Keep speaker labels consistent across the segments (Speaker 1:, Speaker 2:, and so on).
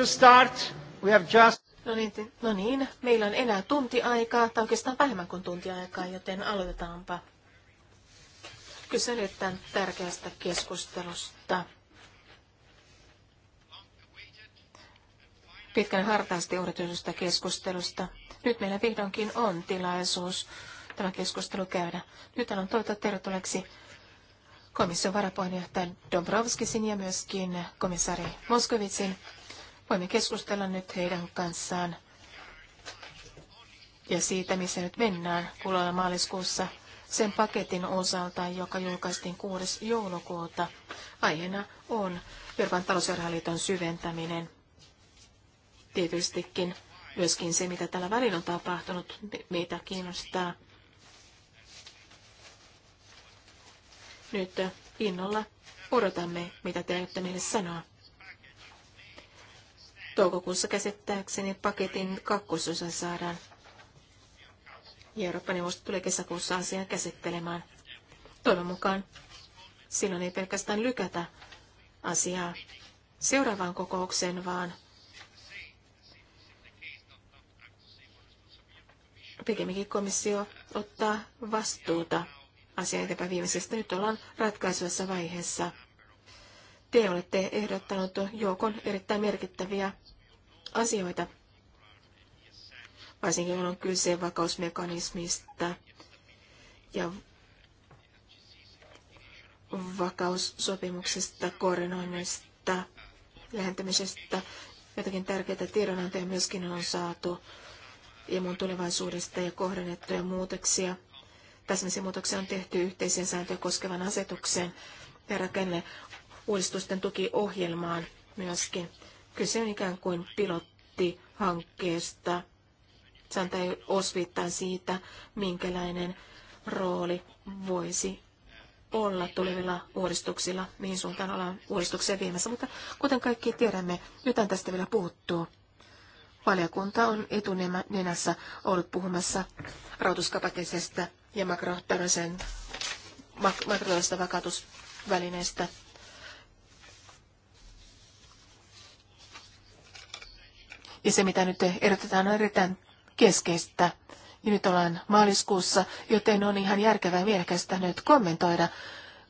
Speaker 1: to start. We have just... No
Speaker 2: niin, no niin, meillä on enää tunti aikaa, tai oikeastaan vähemmän kuin tunti aikaa, joten aloitetaanpa. Kyse tämän tärkeästä keskustelusta. Pitkän hartaasti odotetusta keskustelusta. Nyt meillä vihdoinkin on tilaisuus tämä keskustelu käydä. Nyt on toivottaa tervetulleeksi komission varapuheenjohtaja Dombrovskisin ja myöskin komissaari Moskovitsin Voimme keskustella nyt heidän kanssaan ja siitä, missä nyt mennään kuluvana maaliskuussa sen paketin osalta, joka julkaistiin 6. joulukuuta. Aiheena on Euroopan talousjärjestön syventäminen. Tietystikin myöskin se, mitä tällä välillä on tapahtunut, meitä kiinnostaa. Nyt innolla odotamme, mitä te aiotte meille sanoa toukokuussa käsittääkseni paketin kakkososa saadaan. Ja Eurooppa-neuvosto tulee kesäkuussa asiaa käsittelemään. Toivon mukaan silloin ei pelkästään lykätä asiaa seuraavaan kokoukseen, vaan pikemminkin komissio ottaa vastuuta asian eteenpäin viimeisestä. Nyt ollaan ratkaisuessa vaiheessa te olette ehdottanut joukon erittäin merkittäviä asioita, varsinkin kun on kyse vakausmekanismista ja vakaussopimuksesta, koordinoinnista, lähentämisestä. Jotakin tärkeitä tiedonantoja myöskin on saatu emun tulevaisuudesta ja kohdennettuja muutoksia. Täsmäisiä muutoksia on tehty yhteisiä sääntöjä koskevan asetuksen ja rakenne uudistusten tukiohjelmaan myöskin. Kyse on ikään kuin pilottihankkeesta. Santa ei osviittaa siitä, minkälainen rooli voisi olla tulevilla uudistuksilla, mihin suuntaan ollaan uudistuksia viemässä. Mutta kuten kaikki tiedämme, jotain tästä vielä puuttuu. Valiokunta on etunenässä ollut puhumassa rahoituskapatisesta ja makrotaloudesta vakautusvälineestä Ja se, mitä nyt erotetaan, on erittäin keskeistä. Ja nyt ollaan maaliskuussa, joten on ihan järkevää mielekästä nyt kommentoida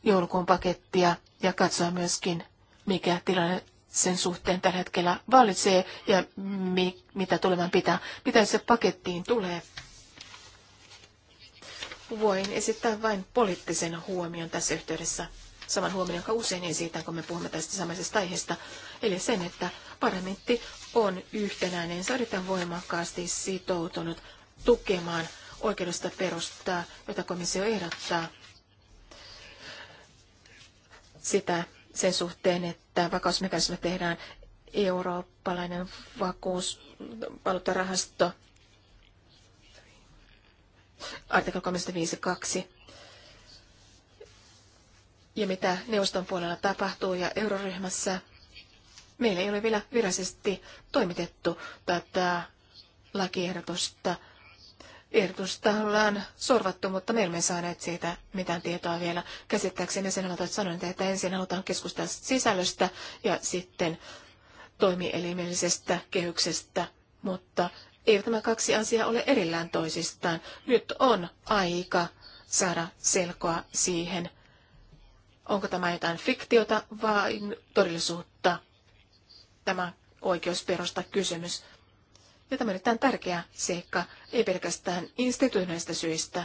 Speaker 2: joulukuun pakettia ja katsoa myöskin, mikä tilanne sen suhteen tällä hetkellä vallitsee ja mi- mitä tulevan pitää. Mitä se pakettiin tulee? Voin esittää vain poliittisen huomion tässä yhteydessä saman huomioon, jonka usein esitän, kun me puhumme tästä samaisesta aiheesta, eli sen, että parlamentti on yhtenäinen, se on voimakkaasti sitoutunut tukemaan oikeudesta perustaa, jota komissio ehdottaa sitä sen suhteen, että vakausmekanismi tehdään eurooppalainen vakuusvaluuttarahasto artikla 352 ja mitä neuvoston puolella tapahtuu ja euroryhmässä. Meillä ei ole vielä virallisesti toimitettu tätä lakiehdotusta. Ehdotusta ollaan sorvattu, mutta me emme saaneet siitä mitään tietoa vielä. Käsittääkseni sen ovat sanoneet, että ensin halutaan keskustella sisällöstä ja sitten toimielimellisestä kehyksestä, mutta eivät nämä kaksi asiaa ole erillään toisistaan. Nyt on aika saada selkoa siihen, Onko tämä jotain fiktiota vai todellisuutta? Tämä oikeusperusta kysymys. Ja tämä on erittäin tärkeä seikka, ei pelkästään instituutioista syistä,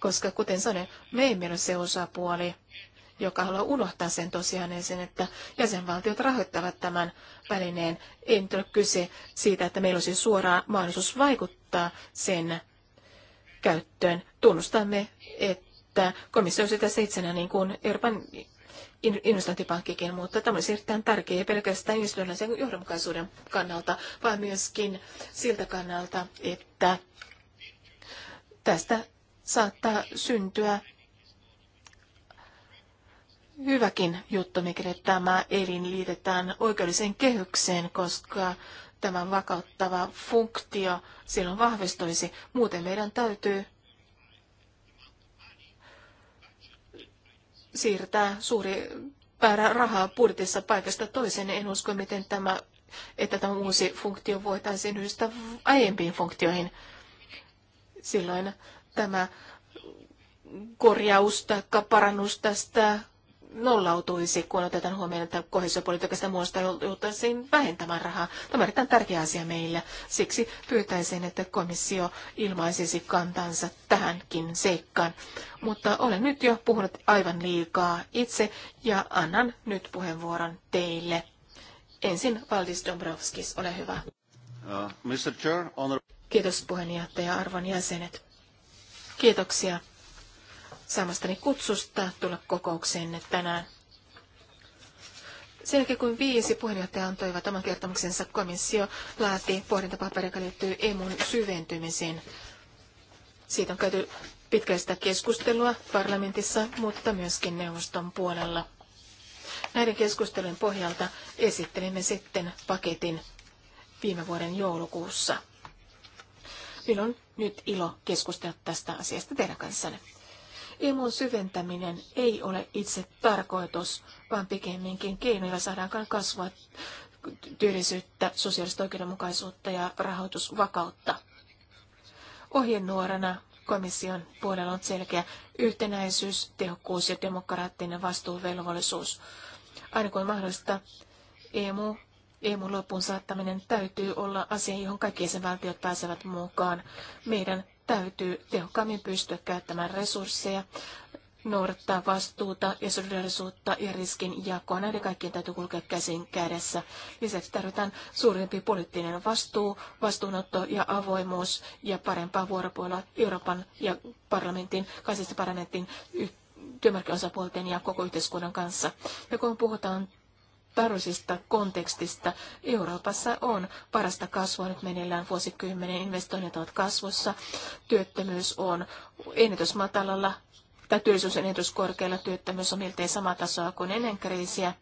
Speaker 2: koska kuten sanoin, me emme ole se osapuoli, joka haluaa unohtaa sen tosiaan sen, että jäsenvaltiot rahoittavat tämän välineen. Ei nyt ole kyse siitä, että meillä olisi suoraan mahdollisuus vaikuttaa sen käyttöön. Tunnustamme, että että komissio sitä seitsemän niin kuin Euroopan investointipankkikin, mutta tämä olisi erittäin tärkeä ei pelkästään investoinnin johdonmukaisuuden kannalta, vaan myöskin siltä kannalta, että tästä saattaa syntyä hyväkin juttu, mikäli tämä elin liitetään oikeudelliseen kehykseen, koska tämä vakauttava funktio silloin vahvistuisi. Muuten meidän täytyy siirtää suuri määrä rahaa budjetissa paikasta toiseen. En usko, miten tämä, että tämä uusi funktio voitaisiin yhdistää aiempiin funktioihin. Silloin tämä korjaus tai parannus tästä nollautuisi, kun otetaan huomioon, että kohesiopolitiikasta muusta joutuisiin vähentämään rahaa. Tämä on erittäin tärkeä asia meillä. Siksi pyytäisin, että komissio ilmaisisi kantansa tähänkin seikkaan. Mutta olen nyt jo puhunut aivan liikaa itse ja annan nyt puheenvuoron teille. Ensin Valdis Dombrovskis, ole hyvä.
Speaker 1: Uh, Mr. Chair, honor...
Speaker 2: Kiitos puheenjohtaja, arvon jäsenet. Kiitoksia saamastani kutsusta tulla kokoukseenne tänään. Sen jälkeen kun viisi puheenjohtajaa antoivat oman kertomuksensa, komissio laati pohdintapaperi, joka liittyy emun syventymiseen. Siitä on käyty pitkäistä keskustelua parlamentissa, mutta myöskin neuvoston puolella. Näiden keskustelujen pohjalta esittelimme sitten paketin viime vuoden joulukuussa. Minun on nyt ilo keskustella tästä asiasta teidän kanssanne. Imun syventäminen ei ole itse tarkoitus, vaan pikemminkin keino, jolla saadaan kasvaa työllisyyttä, sosiaalista oikeudenmukaisuutta ja rahoitusvakautta. Ohjenuorana komission puolella on selkeä yhtenäisyys, tehokkuus ja demokraattinen vastuuvelvollisuus. Aina kun mahdollista, EMU, EMU loppuun saattaminen täytyy olla asia, johon kaikki jäsenvaltiot pääsevät mukaan. Meidän täytyy tehokkaammin pystyä käyttämään resursseja, noudattaa vastuuta ja solidarisuutta ja riskin jakoa. Näiden kaikkien täytyy kulkea käsin kädessä. Lisäksi tarvitaan suurempi poliittinen vastuu, vastuunotto ja avoimuus ja parempaa vuoropuolella Euroopan ja parlamentin, kansallisen parlamentin työmarkkinaosapuolten ja koko yhteiskunnan kanssa. Ja kun puhutaan tarvisista kontekstista. Euroopassa on parasta kasvua nyt meneillään vuosikymmenen. Investoinnit ovat kasvussa, työttömyys on ennätysmatalalla tai työllisyys on ennätyskorkealla, työttömyys on miltei sama tasoa kuin ennen kriisiä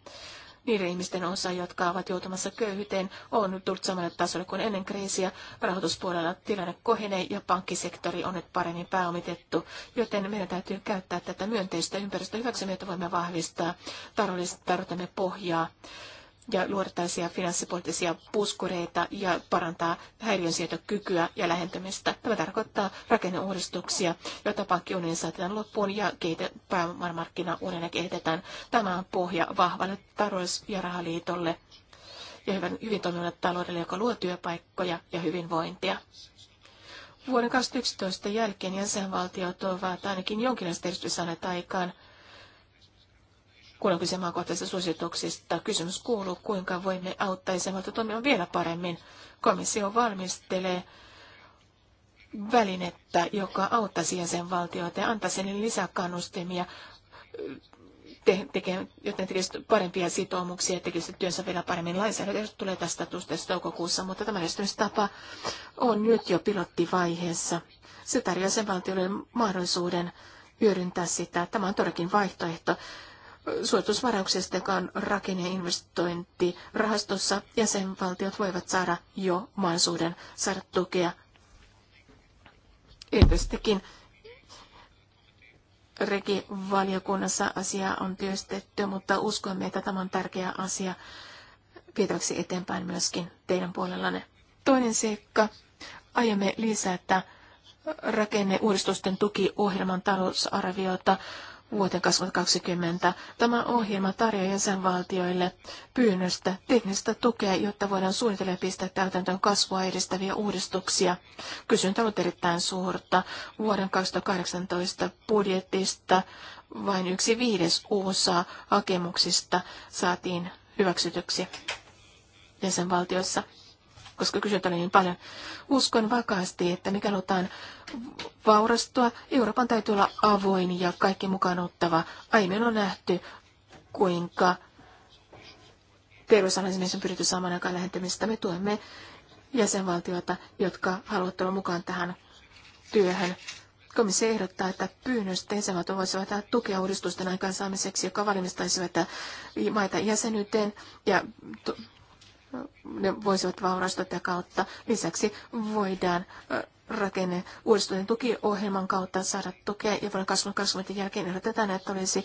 Speaker 2: niiden ihmisten osa, jotka ovat joutumassa köyhyyteen, on nyt tullut samalle tasolle kuin ennen kriisiä. Rahoituspuolella tilanne kohenee ja pankkisektori on nyt paremmin pääomitettu, joten meidän täytyy käyttää tätä myönteistä ympäristöä hyväksi, että voimme vahvistaa taloudellista pohjaa ja luoda tällaisia finanssipoliittisia puskureita ja parantaa häiriönsietokykyä ja lähentämistä. Tämä tarkoittaa rakenneuudistuksia, joita pankkiunin saatetaan loppuun ja pääomamarkkinaunina kehitetään. Tämä on pohja vahvalle talous- ja rahaliitolle ja hyvän, hyvin toimivalle taloudelle, joka luo työpaikkoja ja hyvinvointia. Vuoden 2011 jälkeen jäsenvaltiot ovat ainakin jonkinlaista edistystä saaneet aikaan – kun on suosituksista. Kysymys kuuluu, kuinka voimme auttaa jäsenvaltiota toimimaan vielä paremmin. Komissio valmistelee välinettä, joka auttaisi jäsenvaltioita ja antaisi niille lisäkannustimia, te, teke, joten tekisivät parempia sitoumuksia ja tekisivät työnsä vielä paremmin. Lainsäädäntö tulee tästä tuosta toukokuussa, mutta tämä lähestymistapa on nyt jo pilottivaiheessa. Se tarjoaa jäsenvaltioille mahdollisuuden hyödyntää sitä. Tämä on todellakin vaihtoehto suoritusvarauksesta, joka on rakenne- ja investointirahastossa, jäsenvaltiot voivat saada jo mahdollisuuden saada tukea erityisestikin regivaliokunnassa asiaa on työstetty, mutta uskomme, että tämä on tärkeä asia vietäväksi eteenpäin myöskin teidän puolellanne. Toinen seikka, aiomme lisätä rakenneuudistusten tukiohjelman talousarviota vuoteen 2020. Tämä ohjelma tarjoaa jäsenvaltioille pyynnöstä teknistä tukea, jotta voidaan suunnitella ja pistää täytäntöön kasvua edistäviä uudistuksia. Kysyntä on erittäin suurta. Vuoden 2018 budjetista vain yksi viides osa hakemuksista saatiin hyväksytyksi jäsenvaltioissa koska kysyntä oli niin paljon. Uskon vakaasti, että mikä halutaan vaurastua, Euroopan täytyy olla avoin ja kaikki mukaan ottava. Aiemmin on nähty, kuinka terveysalan esimerkiksi on pyritty saamaan aikaan lähentymistä. Me tuemme jäsenvaltioita, jotka haluavat olla mukaan tähän työhön. Komissio ehdottaa, että pyynnöstä jäsenvaltiot voisivat tukea uudistusten aikaansaamiseksi, joka valmistaisivat maita jäsenyyteen ja ne voisivat vaurastua tätä kautta. Lisäksi voidaan rakenne uudistuneen tukiohjelman kautta saada tukea ja vuonna 2020 jälkeen ehdotetaan, että olisi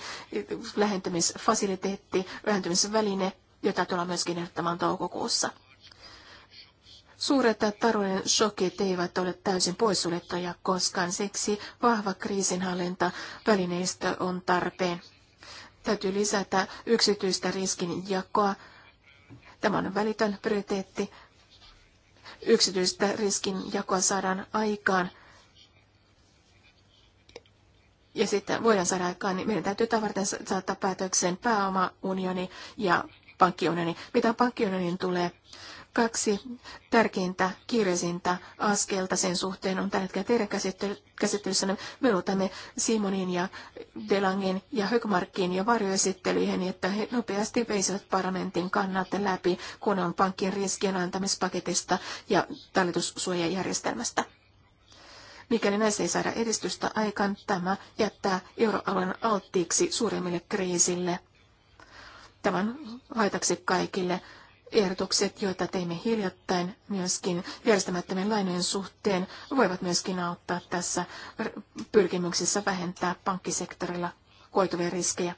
Speaker 2: lähentymisfasiliteetti, lähentymisväline, jota tullaan myöskin ehdottamaan toukokuussa. Suuret talouden shokit eivät ole täysin poissuljettuja koskaan, siksi vahva kriisinhallinta välineistö on tarpeen. Täytyy lisätä yksityistä riskinjakoa Tämä on välitön prioriteetti. Yksityistä jakoa saadaan aikaan. Ja sitten voidaan saada aikaan, niin meidän täytyy tavarten saattaa päätökseen pääomaunioni ja pankkiunioni. Mitä pankkiunionin tulee, Kaksi tärkeintä kiireisintä askelta sen suhteen on tällä hetkellä teidän käsittelyssä. Me luotamme Simonin ja Delangen ja Högmarkin ja varjoesittelyihin, että he nopeasti veisivät parlamentin kannat läpi, kun on pankkien riskien antamispaketista ja talletussuojajärjestelmästä. Mikäli näissä ei saada edistystä aikaan, tämä jättää euroalueen alttiiksi suuremmille kriisille. Tämän haitaksi kaikille ehdotukset, joita teimme hiljattain myöskin järjestämättömien lainojen suhteen, voivat myöskin auttaa tässä pyrkimyksessä vähentää pankkisektorilla koituvia riskejä.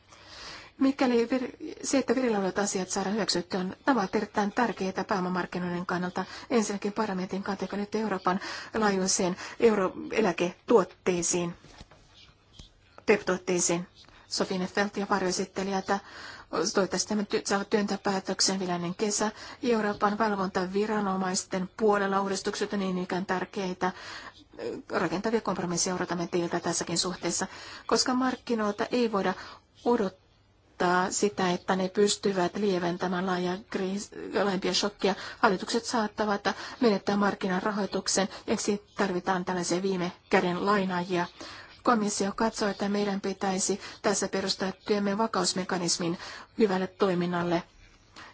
Speaker 2: Mikäli vir- se, että virillä olevat asiat saada hyväksyttyä, on ovat erittäin tärkeitä pääomamarkkinoiden kannalta. Ensinnäkin parlamentin kanteeko nyt Euroopan laajuiseen euroeläketuotteisiin, PEP-tuotteisiin. Sofine Felt ja varjoesittelijä, että Toivottavasti tämä saa työntää päätöksen vielä ennen kesä. Euroopan valvontaviranomaisten puolella uudistukset on niin ikään tärkeitä rakentavia kompromisseja odotamme teiltä tässäkin suhteessa, koska markkinoilta ei voida odottaa sitä, että ne pystyvät lieventämään laaja kriis, laajempia shokkia. Hallitukset saattavat menettää markkinan rahoituksen, ja tarvitaan tällaisia viime käden lainaajia. Komissio katsoo, että meidän pitäisi tässä perustaa työmme vakausmekanismin hyvälle toiminnalle.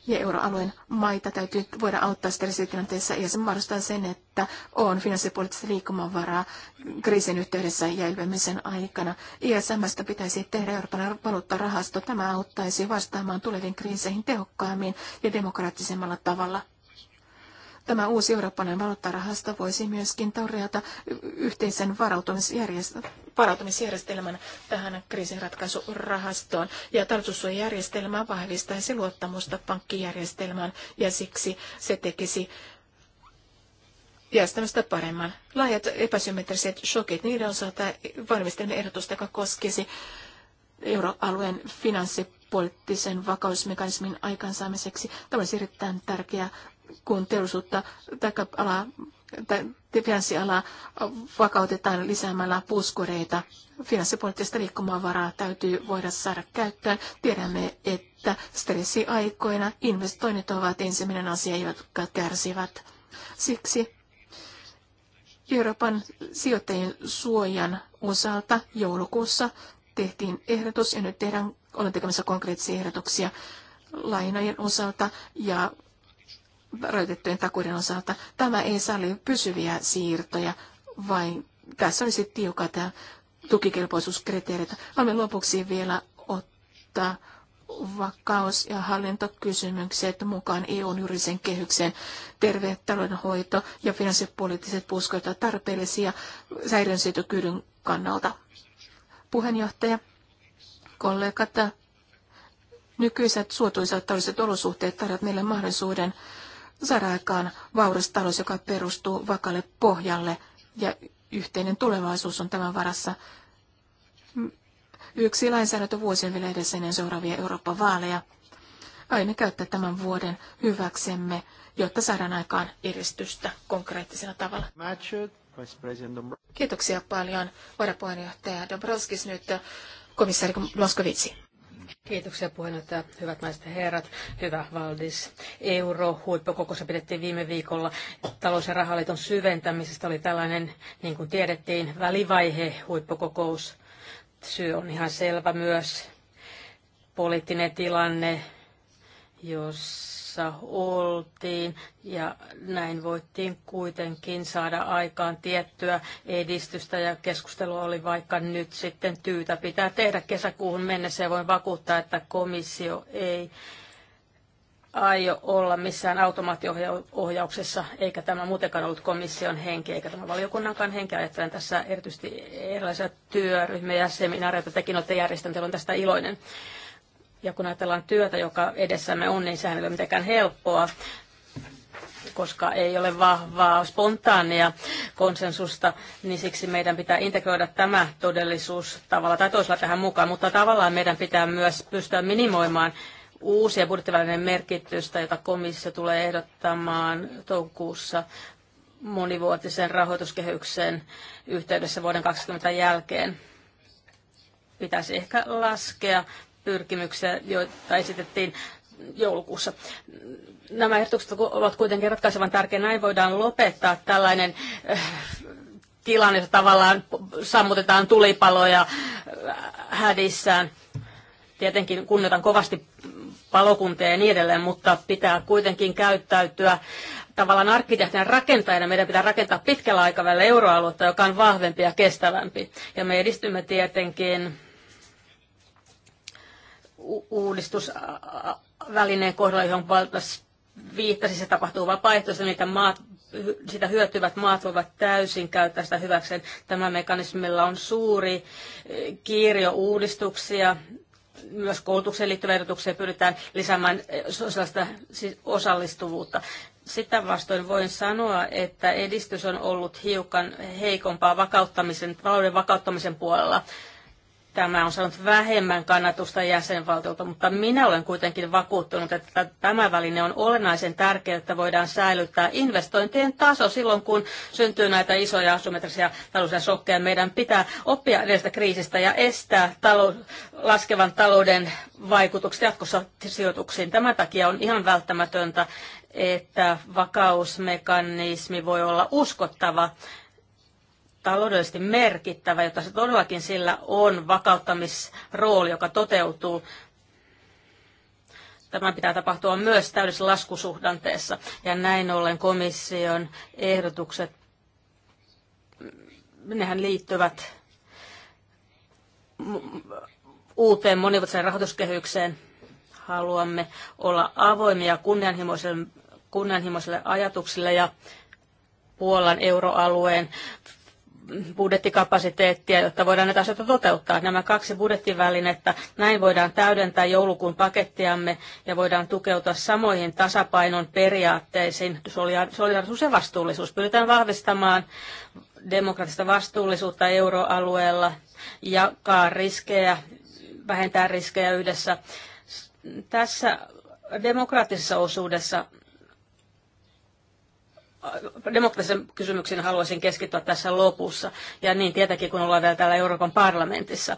Speaker 2: Ja euroalueen maita täytyy voida auttaa stressiä ja se mahdollistaa sen, että on finanssipoliittista liikkumavaraa kriisin yhteydessä ja elpymisen aikana. ISMstä pitäisi tehdä Euroopan valuuttarahasto. Tämä auttaisi vastaamaan tuleviin kriiseihin tehokkaammin ja demokraattisemmalla tavalla. Tämä uusi eurooppalainen valuuttarahasto voisi myöskin tarjota yhteisen varautumisjärjestelmän tähän kriisinratkaisurahastoon. Ja tarkoitussuojajärjestelmä vahvistaisi luottamusta pankkijärjestelmään ja siksi se tekisi järjestelmästä paremman. Laajat epäsymmetriset shokit, niiden osalta valmistelemme ehdotusta, joka koskisi euroalueen finanssipoliittisen vakausmekanismin aikaansaamiseksi. Tämä olisi erittäin tärkeä kun teollisuutta tai alaa tai finanssialaa vakautetaan lisäämällä puskureita. Finanssipoliittista liikkumavaraa täytyy voida saada käyttöön. Tiedämme, että stressiaikoina investoinnit ovat ensimmäinen asia, jotka kärsivät. Siksi Euroopan sijoittajien suojan osalta joulukuussa tehtiin ehdotus ja nyt tehdään, olen tekemässä konkreettisia ehdotuksia lainojen osalta ja rajoitettujen takuiden osalta. Tämä ei salli pysyviä siirtoja, vain tässä olisi tiukat tukikelpoisuuskriteerit. Haluamme lopuksi vielä ottaa vakaus- ja hallintokysymykset mukaan EUn juridisen kehykseen, terveet taloudenhoito ja finanssipoliittiset puskoita tarpeellisia säilönsietokyvyn kannalta. Puheenjohtaja, kollegat, nykyiset suotuisat taloudelliset olosuhteet tarjoavat meille mahdollisuuden saada aikaan vauras talous, joka perustuu vakalle pohjalle ja yhteinen tulevaisuus on tämän varassa. Mm, yksi lainsäädäntö vuosien vielä edessä ennen seuraavia Euroopan vaaleja. Aina käyttää tämän vuoden hyväksemme, jotta saadaan aikaan edistystä konkreettisella tavalla. Kiitoksia paljon varapuheenjohtaja Dobrovskis nyt komissaari Moskovitsi. Kiitoksia puheenjohtaja, hyvät naiset ja herrat, hyvä Valdis.
Speaker 3: Euro huippukokossa pidettiin viime viikolla. Talous- ja rahaliiton syventämisestä oli tällainen, niin kuin tiedettiin, välivaihe huippukokous. Syy on ihan selvä myös. Poliittinen tilanne, jossa oltiin ja näin voittiin kuitenkin saada aikaan tiettyä edistystä ja keskustelua oli vaikka nyt sitten tyytä pitää tehdä kesäkuuhun mennessä ja voin vakuuttaa, että komissio ei aio olla missään automaattiohjauksessa, eikä tämä muutenkaan ollut komission henki, eikä tämä valiokunnankaan henki. Ajattelen tässä erityisesti erilaisia työryhmiä ja seminaareita, tekin olette järjestäneet, olen tästä iloinen. Ja kun ajatellaan työtä, joka edessämme on, niin sehän ei ole mitenkään helppoa koska ei ole vahvaa spontaania konsensusta, niin siksi meidän pitää integroida tämä todellisuus tavalla tai toisella tähän mukaan, mutta tavallaan meidän pitää myös pystyä minimoimaan uusia budjettivälineen merkitystä, jota komissio tulee ehdottamaan toukokuussa monivuotisen rahoituskehyksen yhteydessä vuoden 2020 jälkeen. Pitäisi ehkä laskea pyrkimyksiä, joita esitettiin joulukuussa. Nämä ehdotukset ovat kuitenkin ratkaisevan tärkeä. Näin voidaan lopettaa tällainen äh, tilanne, jossa tavallaan sammutetaan tulipaloja äh, hädissään. Tietenkin kunnioitan kovasti palokuntia ja niin edelleen, mutta pitää kuitenkin käyttäytyä tavallaan arkkitehtien rakentajana. Meidän pitää rakentaa pitkällä aikavälillä euroaluetta, joka on vahvempi ja kestävämpi. Ja me edistymme tietenkin uudistusvälineen kohdalla, johon Baltas viittasi, se tapahtuu vapaaehtoisesti, niitä maat, sitä hyötyvät maat voivat täysin käyttää sitä hyväkseen. Tämä mekanismilla on suuri eh, kirjo uudistuksia, myös koulutukseen liittyviä ehdotuksia pyritään lisäämään eh, sosiaalista osallistuvuutta. Sitä vastoin voin sanoa, että edistys on ollut hiukan heikompaa vakauttamisen, talouden vakauttamisen puolella Tämä on saanut vähemmän kannatusta jäsenvaltiolta, mutta minä olen kuitenkin vakuuttunut, että tämä väline on olennaisen tärkeä, että voidaan säilyttää investointien taso silloin, kun syntyy näitä isoja asymmetrisiä taloudellisia sokkeja. Meidän pitää oppia edellisestä kriisistä ja estää laskevan talouden vaikutukset jatkossa sijoituksiin. Tämän takia on ihan välttämätöntä, että vakausmekanismi voi olla uskottava taloudellisesti merkittävä, jotta se todellakin sillä on vakauttamisrooli, joka toteutuu. Tämä pitää tapahtua myös täydessä laskusuhdanteessa. Ja näin ollen komission ehdotukset, nehän liittyvät uuteen monivuotiseen rahoituskehykseen. Haluamme olla avoimia kunnianhimoisille, kunnianhimoisille ajatuksille ja Puolan euroalueen budjettikapasiteettia, jotta voidaan näitä asioita toteuttaa. Nämä kaksi budjettivälinettä, näin voidaan täydentää joulukuun pakettiamme ja voidaan tukeutua samoihin tasapainon periaatteisiin, solidarisuus ja vastuullisuus. Pyritään vahvistamaan demokratista vastuullisuutta euroalueella, jakaa riskejä, vähentää riskejä yhdessä. Tässä demokraattisessa osuudessa Demokraattisen kysymyksen haluaisin keskittyä tässä lopussa. Ja niin tietenkin, kun ollaan vielä täällä Euroopan parlamentissa,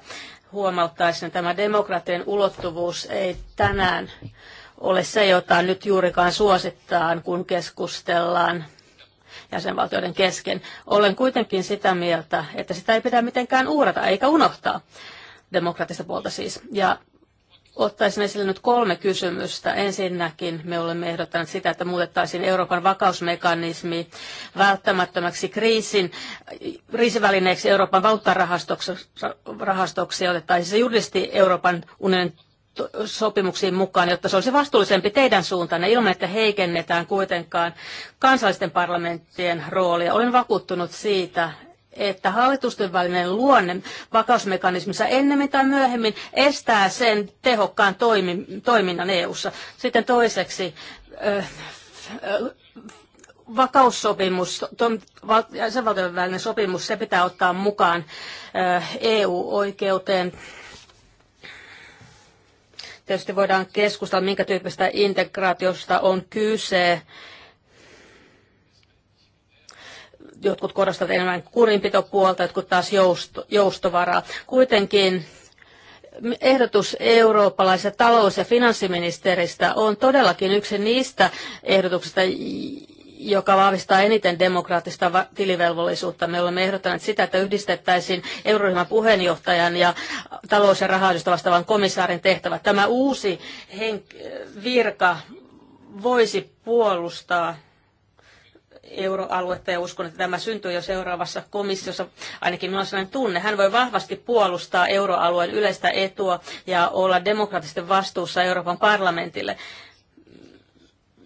Speaker 3: huomauttaisin, että tämä demokratian ulottuvuus ei tänään ole se, jota nyt juurikaan suosittaan, kun keskustellaan jäsenvaltioiden kesken. Olen kuitenkin sitä mieltä, että sitä ei pidä mitenkään uhrata eikä unohtaa demokraattista puolta siis. Ja Ottaisin esille nyt kolme kysymystä. Ensinnäkin me olemme ehdottaneet sitä, että muutettaisiin Euroopan vakausmekanismi välttämättömäksi kriisin kriisivälineeksi Euroopan valuuttarahastoksi ja otettaisiin se juristi Euroopan unionin sopimuksiin mukaan, jotta se olisi vastuullisempi teidän suuntaan ilman, että heikennetään kuitenkaan kansallisten parlamenttien roolia. Olen vakuuttunut siitä, että hallitusten välinen luonne vakausmekanismissa ennemmin tai myöhemmin estää sen tehokkaan toimi, toiminnan EU:ssa. Sitten toiseksi vakaussopimus, jäsenvaltioiden välinen sopimus, se pitää ottaa mukaan EU-oikeuteen. Tietysti voidaan keskustella, minkä tyyppistä integraatiosta on kyse jotkut korostavat enemmän kurinpitopuolta, jotkut taas jousto, joustovaraa. Kuitenkin ehdotus eurooppalaisesta talous- ja finanssiministeristä on todellakin yksi niistä ehdotuksista, joka vahvistaa eniten demokraattista tilivelvollisuutta. Me olemme ehdottaneet sitä, että yhdistettäisiin euroryhmän puheenjohtajan ja talous- ja rahoitusta vastaavan komissaarin tehtävät. Tämä uusi virka voisi puolustaa euroaluetta ja uskon, että tämä syntyy jo seuraavassa komissiossa. Ainakin minulla on sellainen tunne. Hän voi vahvasti puolustaa euroalueen yleistä etua ja olla demokraattisesti vastuussa Euroopan parlamentille.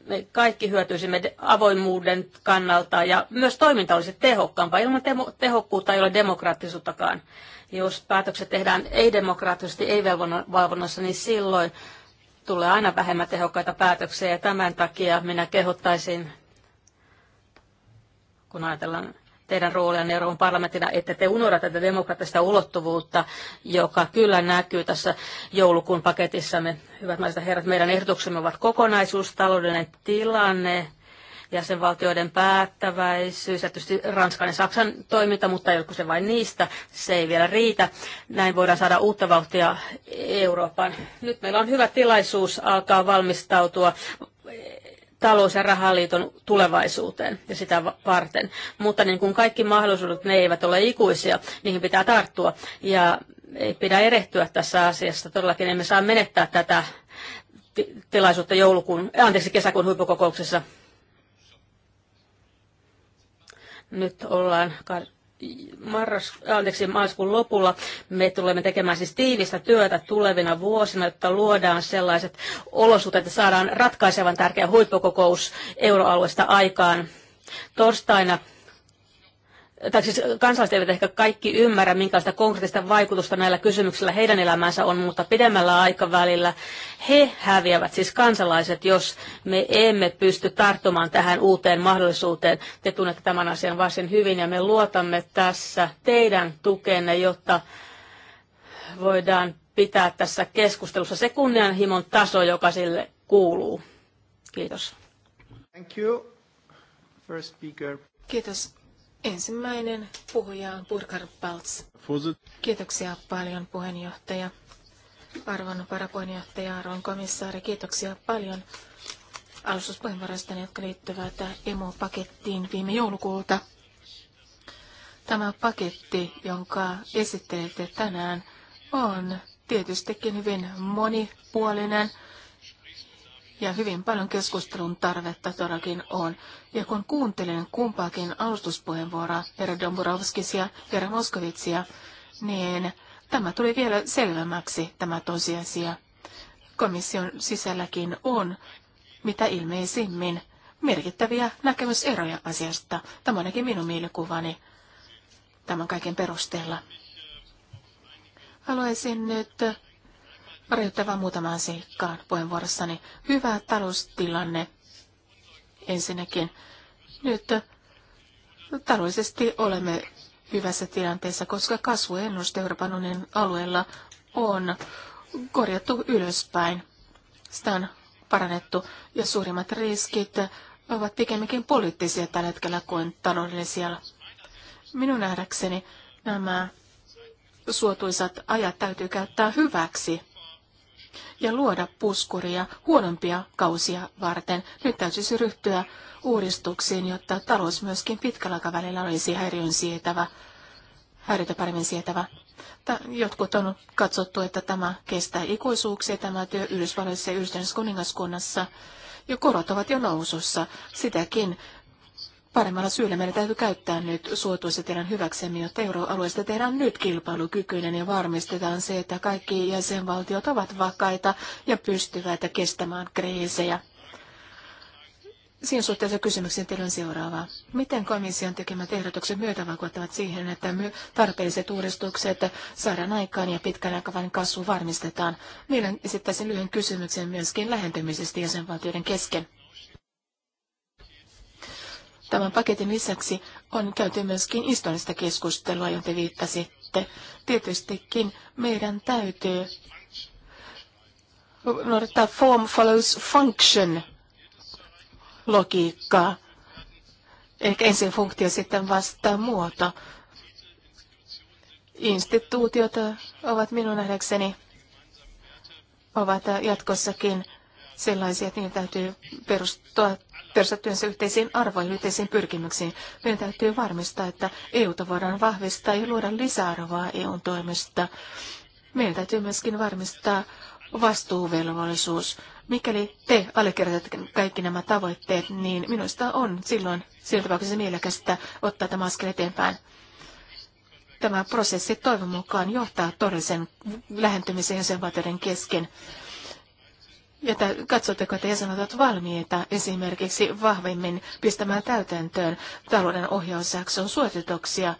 Speaker 3: Me kaikki hyötyisimme avoimuuden kannalta ja myös toiminta olisi tehokkaampaa. Ilman tehokkuutta ei ole demokraattisuuttakaan. Jos päätökset tehdään ei-demokraattisesti, ei-valvonnassa, niin silloin tulee aina vähemmän tehokkaita päätöksiä ja tämän takia minä kehottaisin kun ajatellaan teidän roolianne niin Euroopan parlamentina, että te unohdatte tätä demokraattista ulottuvuutta, joka kyllä näkyy tässä joulukuun paketissamme. Hyvät naiset ja herrat, meidän ehdotuksemme ovat kokonaisuus, taloudellinen tilanne, jäsenvaltioiden päättäväisyys, ja tietysti Ranskan ja Saksan toiminta, mutta joku se vain niistä, se ei vielä riitä. Näin voidaan saada uutta vauhtia Euroopan. Nyt meillä on hyvä tilaisuus alkaa valmistautua talous- ja rahaliiton tulevaisuuteen ja sitä varten. Mutta niin kuin kaikki mahdollisuudet, ne eivät ole ikuisia, niihin pitää tarttua. Ja ei pidä erehtyä tässä asiassa. Todellakin emme saa menettää tätä tilaisuutta joulukuun, anteeksi, kesäkuun huippukokouksessa. Nyt ollaan marras, anteeksi, maaliskuun lopulla me tulemme tekemään siis tiivistä työtä tulevina vuosina, jotta luodaan sellaiset olosuhteet, että saadaan ratkaisevan tärkeä huippukokous euroalueesta aikaan. Torstaina tai siis kansalaiset eivät ehkä kaikki ymmärrä, minkälaista konkreettista vaikutusta näillä kysymyksillä heidän elämänsä on, mutta pidemmällä aikavälillä he häviävät, siis kansalaiset, jos me emme pysty tarttumaan tähän uuteen mahdollisuuteen. Te tunnette tämän asian varsin hyvin ja me luotamme tässä teidän tukenne, jotta voidaan pitää tässä keskustelussa se kunnianhimon taso, joka sille kuuluu. Kiitos.
Speaker 2: Thank
Speaker 1: you. First speaker.
Speaker 2: Kiitos. Ensimmäinen puhuja on Burkhard Balz. Kiitoksia paljon puheenjohtaja. Arvon varapuheenjohtaja, arvon komissaari, kiitoksia paljon alustuspuheenvuoroista, jotka liittyvät emo pakettiin viime joulukuulta. Tämä paketti, jonka esittelette tänään, on tietystikin hyvin monipuolinen – ja hyvin paljon keskustelun tarvetta todellakin on. Ja kun kuuntelin kumpaakin alustuspuheenvuoroa, herra Domburovskis ja herra Moskovitsia, niin tämä tuli vielä selvemmäksi, tämä tosiasia. Komission sisälläkin on, mitä ilmeisimmin, merkittäviä näkemyseroja asiasta. Tämä on ainakin minun mielikuvani tämän kaiken perusteella. Haluaisin nyt vain muutamaan seikkaan puheenvuorossani. Hyvä taloustilanne ensinnäkin. Nyt taloudellisesti olemme hyvässä tilanteessa, koska kasvuennuste Euroopan unionin alueella on korjattu ylöspäin. Sitä on parannettu ja suurimmat riskit ovat pikemminkin poliittisia tällä hetkellä kuin taloudellisia. Minun nähdäkseni nämä suotuisat ajat täytyy käyttää hyväksi ja luoda puskuria huonompia kausia varten. Nyt täytyisi ryhtyä uudistuksiin, jotta talous myöskin pitkällä aikavälillä olisi häiriön sietävä, häiriötä paremmin sietävä. Jotkut on katsottu, että tämä kestää ikuisuuksia, tämä työ Yhdysvalloissa ja Yhdysvalloissa kuningaskunnassa. Ja korot ovat jo nousussa. Sitäkin Paremmalla syyllä meidän täytyy käyttää nyt suotuisen tilan hyväksemme, jotta euroalueesta tehdään nyt kilpailukykyinen ja varmistetaan se, että kaikki jäsenvaltiot ovat vakaita ja pystyvät kestämään kriisejä. Siinä suhteessa kysymyksen teillä on seuraavaa. Miten komission tekemät ehdotukset myötä vaikuttavat siihen, että tarpeelliset uudistukset saadaan aikaan ja pitkän aikavälin kasvu varmistetaan? Meidän esittäisin lyhyen kysymyksen myöskin lähentymisestä jäsenvaltioiden kesken. Tämän paketin lisäksi on käyty myöskin historiallista keskustelua, johon te viittasitte. Tietystikin meidän täytyy noudattaa form follows function logiikkaa. Ehkä ensin funktio, sitten vasta muoto. Instituutiot ovat minun nähdäkseni ovat jatkossakin sellaisia, että niitä täytyy perustua perustettuinsa yhteisiin arvoihin, yhteisiin pyrkimyksiin. Meidän täytyy varmistaa, että EUta voidaan vahvistaa ja luoda lisäarvoa EUn toimesta. Meidän täytyy myöskin varmistaa vastuuvelvollisuus. Mikäli te allekirjoitatte kaikki nämä tavoitteet, niin minusta on silloin sillä tapauksessa mielekästä ottaa tämä askel eteenpäin. Tämä prosessi toivon mukaan johtaa todellisen lähentymiseen jäsenvaltioiden kesken jota katsotteko, te jäsenet ovat valmiita esimerkiksi vahvemmin pistämään täytäntöön talouden ohjausjakson suosituksia?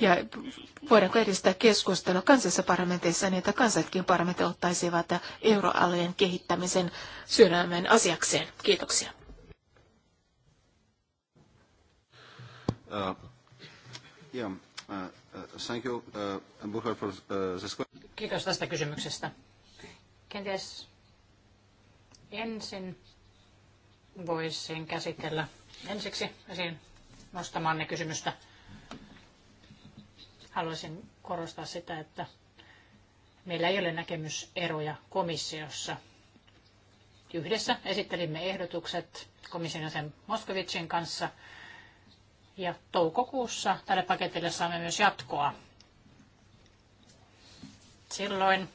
Speaker 2: Ja voidaanko edistää keskustelua kansallisessa parlamentissa niin, että kansatkin parlamentit ottaisivat euroalueen kehittämisen sydämen asiakseen? Kiitoksia.
Speaker 1: Uh, yeah, uh, thank you, uh, uh for, uh, this
Speaker 4: Kiitos tästä kysymyksestä. Kenties Ensin voisin käsitellä ensiksi esiin nostamaanne kysymystä. Haluaisin korostaa sitä, että meillä ei ole näkemyseroja komissiossa. Yhdessä esittelimme ehdotukset komission jäsen Moskovicin kanssa ja toukokuussa tälle paketille saamme myös jatkoa. Silloin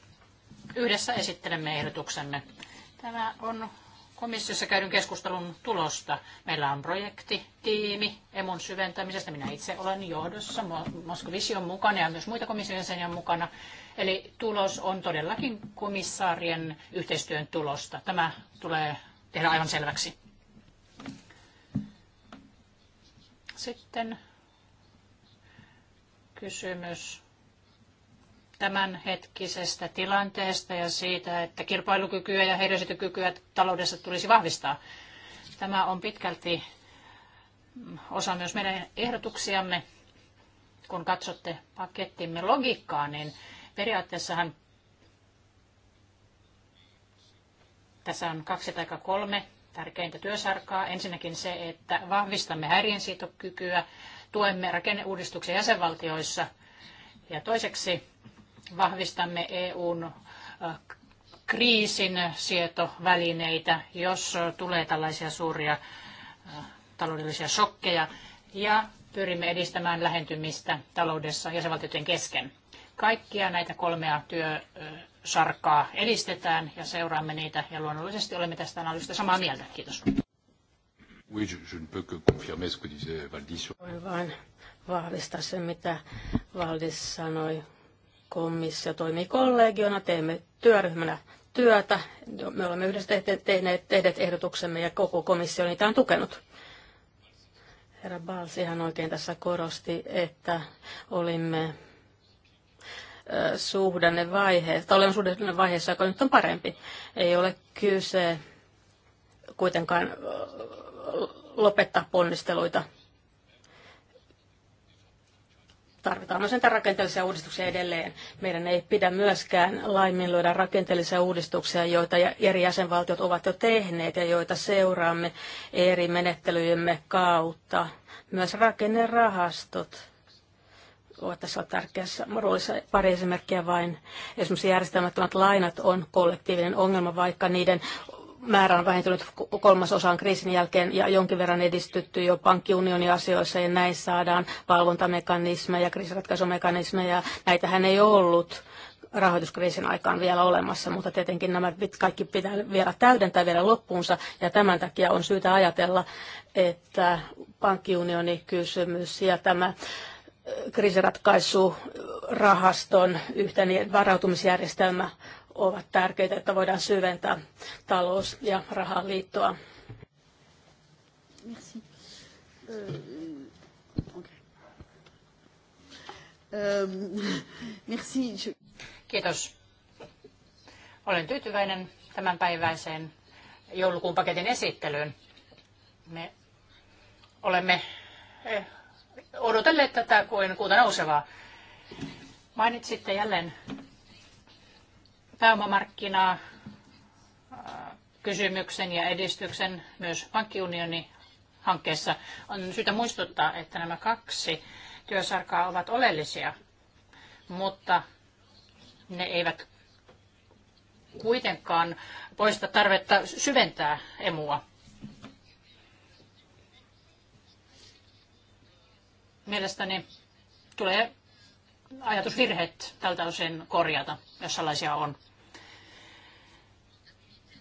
Speaker 4: yhdessä esittelemme ehdotuksemme Tämä on komissiossa käydyn keskustelun tulosta. Meillä on projekti, tiimi emun syventämisestä. Minä itse olen johdossa. Moskovisi on mukana ja myös muita komission jäseniä mukana. Eli tulos on todellakin komissaarien yhteistyön tulosta. Tämä tulee tehdä aivan selväksi. Sitten kysymys tämänhetkisestä tilanteesta ja siitä, että kilpailukykyä ja heidosytykykyä taloudessa tulisi vahvistaa. Tämä on pitkälti osa myös meidän ehdotuksiamme. Kun katsotte pakettimme logiikkaa, niin periaatteessahan tässä on kaksi tai kolme tärkeintä työsarkaa. Ensinnäkin se, että vahvistamme häiriensietokykyä, tuemme rakenneuudistuksia jäsenvaltioissa ja toiseksi vahvistamme EUn kriisin sietovälineitä, jos tulee tällaisia suuria taloudellisia shokkeja ja pyrimme edistämään lähentymistä taloudessa jäsenvaltioiden kesken. Kaikkia näitä kolmea työsarkaa edistetään ja seuraamme niitä ja luonnollisesti olemme tästä analyysistä samaa mieltä. Kiitos.
Speaker 1: Oui, je, je ne peux que confirmer ce que disait Valdis.
Speaker 4: Voin vain vahvistaa
Speaker 3: sen, mitä Valdis sanoi Komissio toimii kollegiona, teemme työryhmänä työtä. Me olemme yhdessä tehneet, tehneet ehdotuksemme ja koko komissio niitä on tukenut. Herra Bals ihan oikein tässä korosti, että olimme suhdannevaiheessa, tai olemme suhdannevaiheessa, joka nyt on parempi. Ei ole kyse kuitenkaan lopettaa ponnisteluita tarvitaan myös näitä rakenteellisia uudistuksia edelleen. Meidän ei pidä myöskään laiminlyödä rakenteellisia uudistuksia, joita eri jäsenvaltiot ovat jo tehneet ja joita seuraamme eri menettelyjemme kautta. Myös rakennerahastot ovat tässä on tärkeässä roolissa. Pari esimerkkiä vain. Esimerkiksi järjestelmättömät lainat on kollektiivinen ongelma, vaikka niiden määrä on vähentynyt kolmasosaan kriisin jälkeen ja jonkin verran edistytty jo pankkiunionin asioissa ja näissä saadaan valvontamekanismeja, kriisiratkaisumekanismeja. Näitähän ei ollut rahoituskriisin aikaan vielä olemassa, mutta tietenkin nämä kaikki pitää vielä täydentää vielä loppuunsa ja tämän takia on syytä ajatella, että pankkiunioni kysymys ja tämä äh, kriisiratkaisurahaston yhteinen varautumisjärjestelmä ovat tärkeitä, että voidaan syventää talous- ja rahaliittoa.
Speaker 4: Merci. Euh, euh, merci. Kiitos. Olen tyytyväinen tämänpäiväiseen joulukuun paketin esittelyyn. Me olemme eh, odotelleet tätä kuin kuuta nousevaa. Mainitsitte jälleen pääomamarkkinaa äh, kysymyksen ja edistyksen myös pankkiunioni hankkeessa, on syytä muistuttaa, että nämä kaksi työsarkaa ovat oleellisia, mutta ne eivät kuitenkaan poista tarvetta syventää emua. Mielestäni tulee ajatusvirheet tältä osin korjata, jos sellaisia on.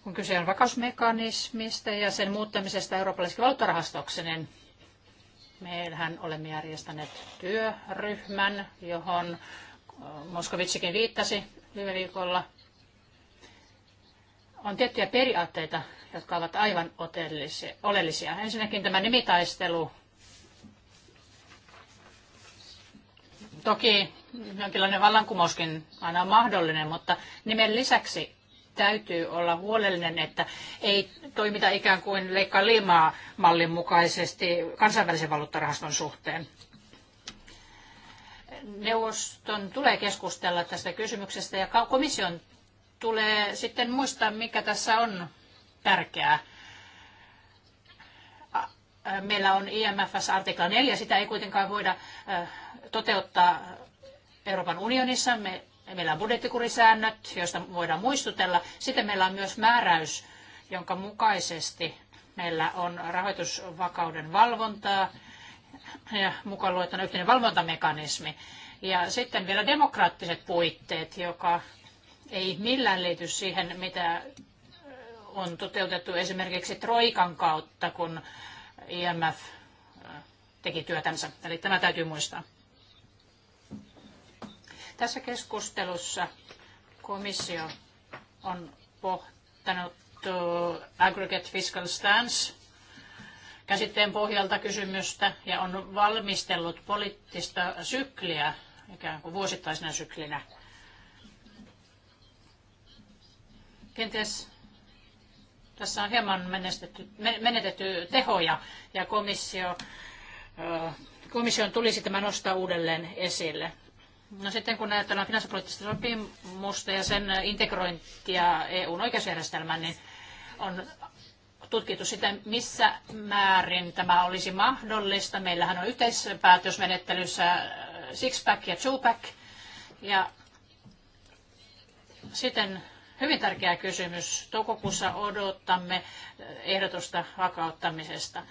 Speaker 4: Kun kyse on vakausmekanismista ja sen muuttamisesta eurooppalaiseksi valuuttarahastoksi, niin meillähän olemme järjestäneet työryhmän, johon Moskovitsikin viittasi viime viikolla. On tiettyjä periaatteita, jotka ovat aivan oleellisia. Ensinnäkin tämä nimitaistelu. Toki jonkinlainen vallankumouskin aina on mahdollinen, mutta nimen lisäksi täytyy olla huolellinen, että ei toimita ikään kuin leikkaa liimaa mallin mukaisesti kansainvälisen valuuttarahaston suhteen. Neuvoston tulee keskustella tästä kysymyksestä ja komission tulee sitten muistaa, mikä tässä on tärkeää. Meillä on IMFS artikla 4, sitä ei kuitenkaan voida toteuttaa Euroopan unionissa, me, meillä on budjettikurisäännöt, joista voidaan muistutella. Sitten meillä on myös määräys, jonka mukaisesti meillä on rahoitusvakauden valvontaa ja mukaan luettuna yhteinen valvontamekanismi. Ja sitten vielä demokraattiset puitteet, joka ei millään liity siihen, mitä on toteutettu esimerkiksi Troikan kautta, kun IMF teki työtänsä. Eli tämä täytyy muistaa. Tässä keskustelussa komissio on pohtanut uh, aggregate fiscal stance käsitteen pohjalta kysymystä ja on valmistellut poliittista sykliä ikään kuin vuosittaisena syklinä. Kenties tässä on hieman menetetty tehoja ja komissio, uh, komission tulisi tämä nostaa uudelleen esille. No sitten kun ajatellaan finanssipoliittista sopimusta ja sen integrointia EUn oikeusjärjestelmään, niin on tutkittu sitä, missä määrin tämä olisi mahdollista. Meillähän on yhteispäätösmenettelyssä six-pack ja two-pack. Ja sitten hyvin tärkeä kysymys. Toukokuussa odotamme ehdotusta vakauttamisesta.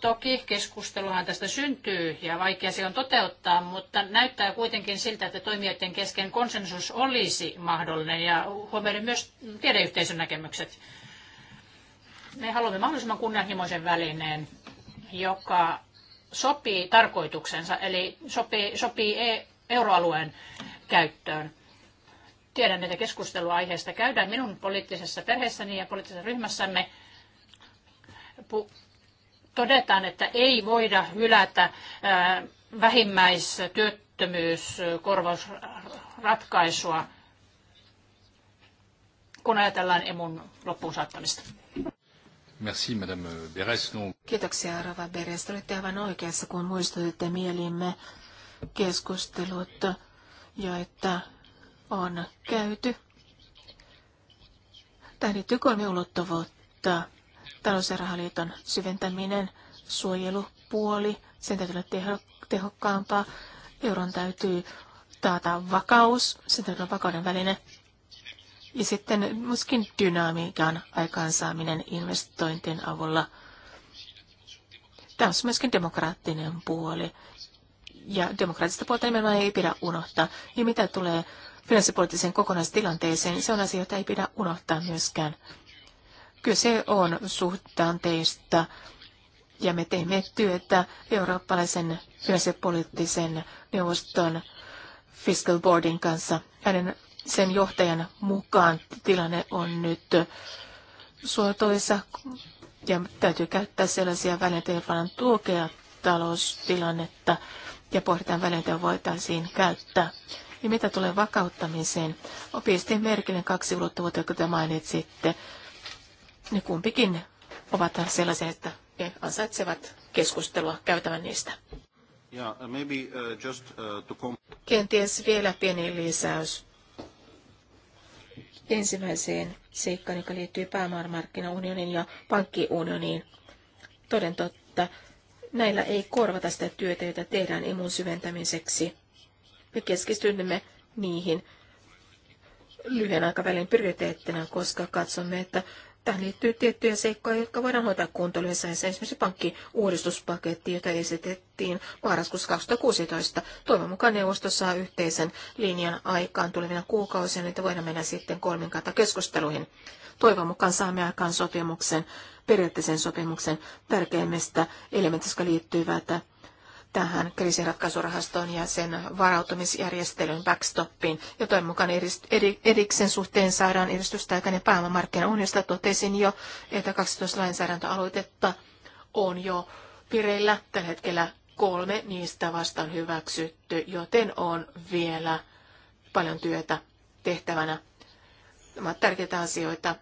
Speaker 4: Toki keskusteluhan tästä syntyy ja vaikea se on toteuttaa, mutta näyttää kuitenkin siltä, että toimijoiden kesken konsensus olisi mahdollinen ja huomioiden myös tiedeyhteisön näkemykset. Me haluamme mahdollisimman kunnianhimoisen välineen, joka sopii tarkoituksensa, eli sopii, sopii e- euroalueen käyttöön. Tiedän, että keskustelua aiheesta käydään minun poliittisessa perheessäni ja poliittisessa ryhmässämme todetaan, että ei voida hylätä vähimmäistyöttömyyskorvausratkaisua,
Speaker 2: kun ajatellaan emun loppuun saattamista.
Speaker 1: Merci, Madame Beres.
Speaker 2: Kiitoksia, Rova Beres. Olette aivan oikeassa, kun muistutitte mielimme keskustelut, joita on käyty. Tähän kolme ulottuvuutta talous- ja rahaliiton syventäminen, suojelupuoli, sen täytyy olla teho, tehokkaampaa, euron täytyy taata vakaus, sen täytyy olla vakauden väline. Ja sitten myöskin dynamiikan aikaansaaminen investointien avulla. Tämä on myöskin demokraattinen puoli. Ja demokraattista puolta nimenomaan ei pidä unohtaa. Ja mitä tulee finanssipoliittiseen kokonaistilanteeseen, se on asia, jota ei pidä unohtaa myöskään. Kyse on suhdanteista ja me teemme työtä eurooppalaisen yleisöpoliittisen neuvoston fiscal boardin kanssa. Hänen sen johtajan mukaan tilanne on nyt suotoisa ja täytyy käyttää sellaisia välineitä, joilla on tukea taloustilannetta ja pohditaan välineitä, voitaisiin käyttää. Ja mitä tulee vakauttamiseen, Opistin merkille kaksi ulottuvuutta, jotka te mainitsitte. Ne kumpikin ovat sellaisia, että ne ansaitsevat keskustelua käytävän niistä.
Speaker 1: Yeah, uh, maybe, uh, just, uh, to
Speaker 2: Kenties vielä pieni lisäys ensimmäiseen seikkaan, joka liittyy pääomamarkkinaunionin ja pankkiunioniin. Toden totta, näillä ei korvata sitä työtä, jota tehdään emun syventämiseksi. Me keskistymme niihin lyhyen aikavälin prioriteettina, koska katsomme, että Tähän liittyy tiettyjä seikkoja, jotka voidaan hoitaa kuntoon Esimerkiksi pankkiuudistuspaketti, jota esitettiin marraskuussa 2016. Toivon mukaan neuvosto saa yhteisen linjan aikaan tulevina kuukausina, että voidaan mennä sitten kolminkata keskusteluihin. Toivon mukaan saamme aikaan sopimuksen, periaatteisen sopimuksen tärkeimmistä elementistä, jotka liittyvät tähän kriisinratkaisurahastoon ja sen varautumisjärjestelyn backstoppiin. Ja toivon mukaan ediksen suhteen saadaan edistystä aikainen pääomamarkkinaunionista. Totesin jo, että 12 lainsäädäntöaloitetta on jo vireillä. Tällä hetkellä kolme niistä vasta on hyväksytty, joten on vielä paljon työtä tehtävänä. Nämä ovat tärkeitä asioita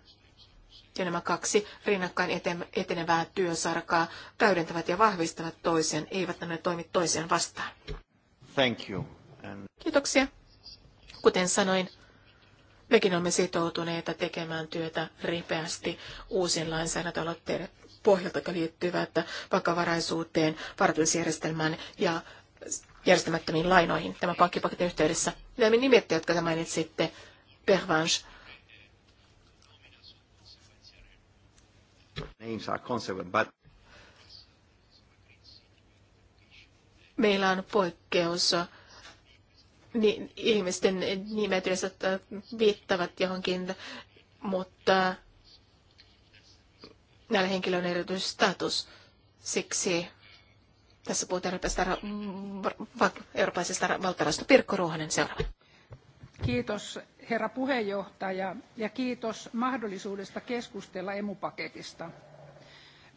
Speaker 2: ja nämä kaksi rinnakkain etenevää työsarkaa täydentävät ja vahvistavat toisen, eivät ne toimi toisiaan vastaan.
Speaker 1: Thank you. And...
Speaker 2: Kiitoksia. Kuten sanoin, mekin olemme sitoutuneita tekemään työtä ripeästi uusien lainsäädäntöaloitteiden pohjalta, jotka liittyvät vakavaraisuuteen, varallisuusjärjestelmään ja järjestämättömiin lainoihin tämän pankkipaketin yhteydessä. Nämä nimet, jotka te mainitsitte, Pervanche,
Speaker 1: Names are conservative, but...
Speaker 2: Meillä on poikkeus niin, ihmisten nimet yleensä viittavat johonkin, mutta näillä henkilöillä on erityisstatus. Siksi tässä puhutaan eurooppalaisesta valtarasta Pirkko Ruohonen seuraava.
Speaker 1: Kiitos herra puheenjohtaja ja kiitos mahdollisuudesta keskustella emupaketista.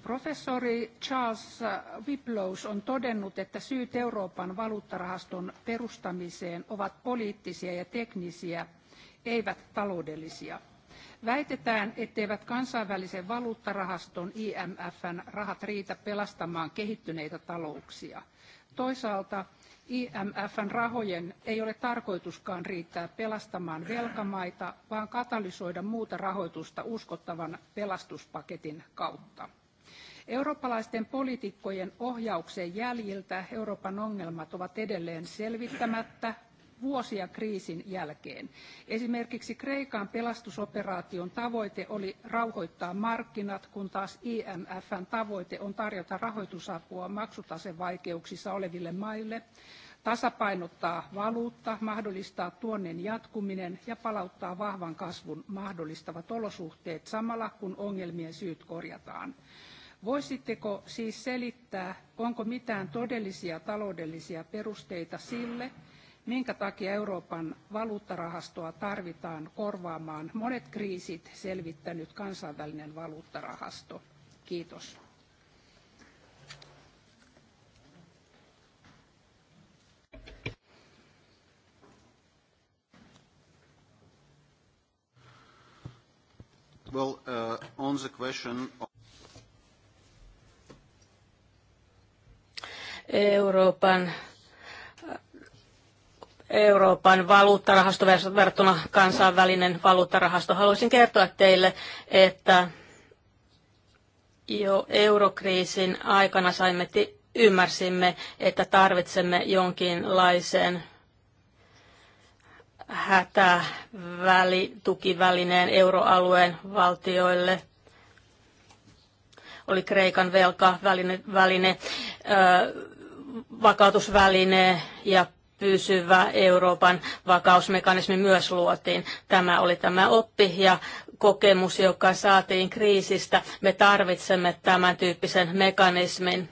Speaker 1: Professori Charles Wiplows on todennut, että syyt Euroopan valuuttarahaston perustamiseen ovat poliittisia ja teknisiä, eivät taloudellisia. Väitetään, etteivät kansainvälisen valuuttarahaston IMFn rahat riitä pelastamaan kehittyneitä talouksia. Toisaalta IMFn rahojen ei ole tarkoituskaan riittää pelastamaan velkamaita, vaan katalysoida muuta rahoitusta uskottavan pelastuspaketin kautta. Eurooppalaisten poliitikkojen ohjauksen jäljiltä Euroopan ongelmat ovat edelleen selvittämättä vuosia kriisin jälkeen. Esimerkiksi Kreikan pelastusoperaation tavoite oli rauhoittaa markkinat, kun taas IMFn tavoite on tarjota rahoitusapua maksutasevaikeuksissa oleville maille, tasapainottaa valuutta, mahdollistaa tuonnin jatkuminen ja palauttaa vahvan kasvun mahdollistavat olosuhteet samalla, kun ongelmien syyt korjataan. Voisitteko siis selittää, onko mitään todellisia taloudellisia perusteita sille, minkä takia Euroopan valuuttarahastoa tarvitaan korvaamaan monet kriisit selvittänyt kansainvälinen valuuttarahasto. Kiitos. Well, uh, on the question
Speaker 3: Euroopan Euroopan valuuttarahasto verrattuna kansainvälinen valuuttarahasto. Haluaisin kertoa teille, että jo eurokriisin aikana saimme ymmärsimme, että tarvitsemme jonkinlaisen hätätukivälineen euroalueen valtioille. Oli Kreikan velkaväline, väline, ö, vakautusväline ja pysyvä Euroopan vakausmekanismi myös luotiin. Tämä oli tämä oppi ja kokemus, joka saatiin kriisistä. Me tarvitsemme tämän tyyppisen mekanismin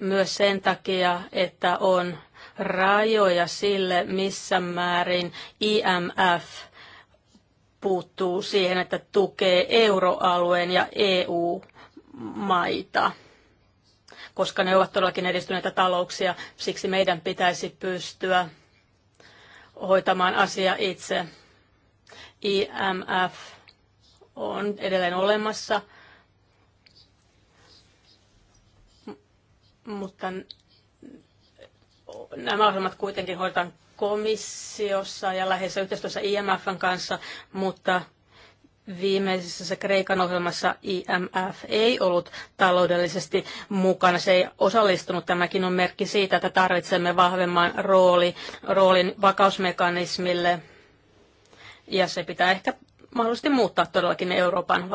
Speaker 3: myös sen takia, että on rajoja sille, missä määrin IMF puuttuu siihen, että tukee euroalueen ja EU-maita koska ne ovat todellakin edistyneitä talouksia. Siksi meidän pitäisi pystyä hoitamaan asia itse. IMF on edelleen olemassa, mutta nämä ohjelmat kuitenkin hoidetaan komissiossa ja läheisessä yhteistyössä IMFn kanssa, mutta Viimeisessä Kreikan ohjelmassa IMF ei ollut taloudellisesti mukana, se ei osallistunut. Tämäkin on merkki siitä, että tarvitsemme vahvemman rooli, roolin vakausmekanismille. Ja se pitää ehkä mahdollisesti muuttaa todellakin Euroopan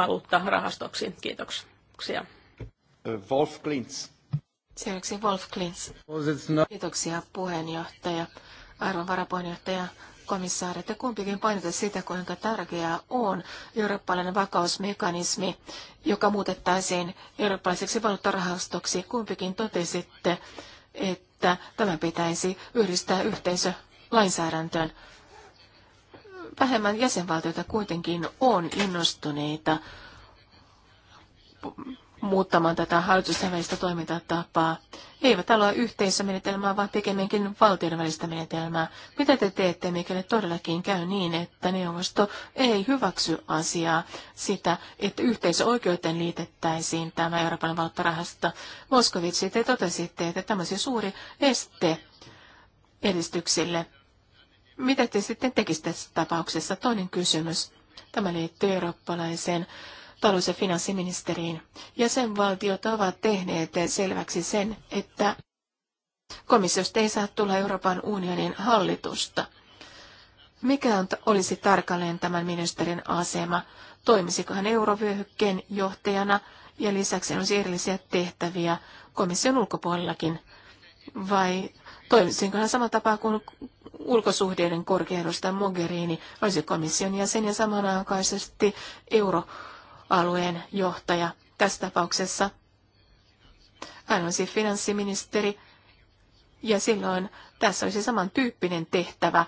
Speaker 3: rahastoksi. Kiitoksia.
Speaker 1: Wolf Klintz.
Speaker 2: Seuraavaksi Wolf Klintz. Kiitoksia puheenjohtaja. Arvon varapuheenjohtaja komissaari, että kumpikin painota sitä, kuinka tärkeää on eurooppalainen vakausmekanismi, joka muutettaisiin eurooppalaiseksi valuuttarahastoksi. Kumpikin totesitte, että tämä pitäisi yhdistää yhteisölainsäädäntöön. Vähemmän jäsenvaltioita kuitenkin on innostuneita muuttamaan tätä hallitusten välistä toimintatapaa. He eivät halua yhteisessä menetelmää, vaan pikemminkin valtion välistä menetelmää. Mitä te teette, mikäli todellakin käy niin, että neuvosto ei hyväksy asiaa sitä, että yhteisöoikeuteen liitettäisiin tämä Euroopan valtarahasta? Moskovitsi, te totesitte, että tämä on suuri este edistyksille. Mitä te sitten tekisitte tässä tapauksessa? Toinen kysymys. Tämä liittyy eurooppalaiseen talous- ja finanssiministeriin. Jäsenvaltiot ovat tehneet selväksi sen, että komissiosta ei saa tulla Euroopan unionin hallitusta. Mikä on, olisi tarkalleen tämän ministerin asema? Toimisiko hän eurovyöhykkeen johtajana ja lisäksi olisi erillisiä tehtäviä komission ulkopuolellakin? Vai toimisiko hän sama tapaa kuin ulkosuhteiden korkeudesta Mogherini olisi komission jäsen ja samanaikaisesti euro alueen johtaja tässä tapauksessa. Hän on siis finanssiministeri ja silloin tässä olisi samantyyppinen tehtävä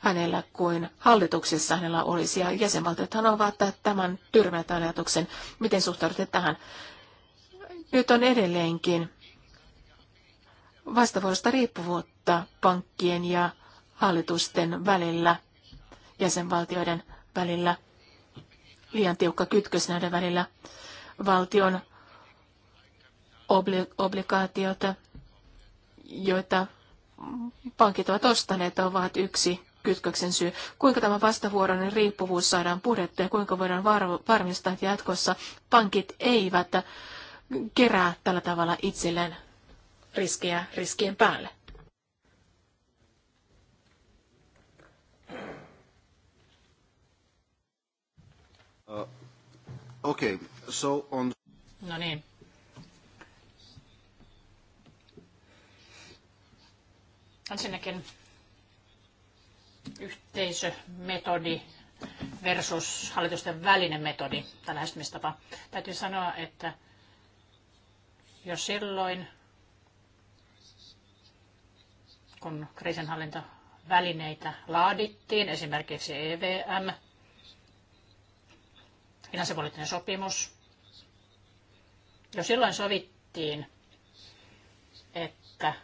Speaker 2: hänellä kuin hallituksessa hänellä olisi. Ja jäsenvaltiothan ovat tämän tyrmätä ajatuksen. Miten suhtaudutte tähän? Nyt on edelleenkin vastavuorosta riippuvuutta pankkien ja hallitusten välillä, jäsenvaltioiden välillä – liian tiukka kytkös näiden välillä. Valtion obli- obligaatiota, joita pankit ovat ostaneet, ovat yksi kytköksen syy. Kuinka tämä vastavuoroinen riippuvuus saadaan purettua ja kuinka voidaan varmistaa, että jatkossa pankit eivät kerää tällä tavalla itselleen riskejä riskien päälle?
Speaker 1: Uh, okay. so on...
Speaker 2: No niin.
Speaker 4: Ensinnäkin yhteisömetodi versus hallitusten välinen metodi tai lähestymistapa. Täytyy sanoa, että jo silloin, kun kriisinhallintavälineitä laadittiin, esimerkiksi EVM, finanssipoliittinen sopimus. Jo silloin sovittiin, että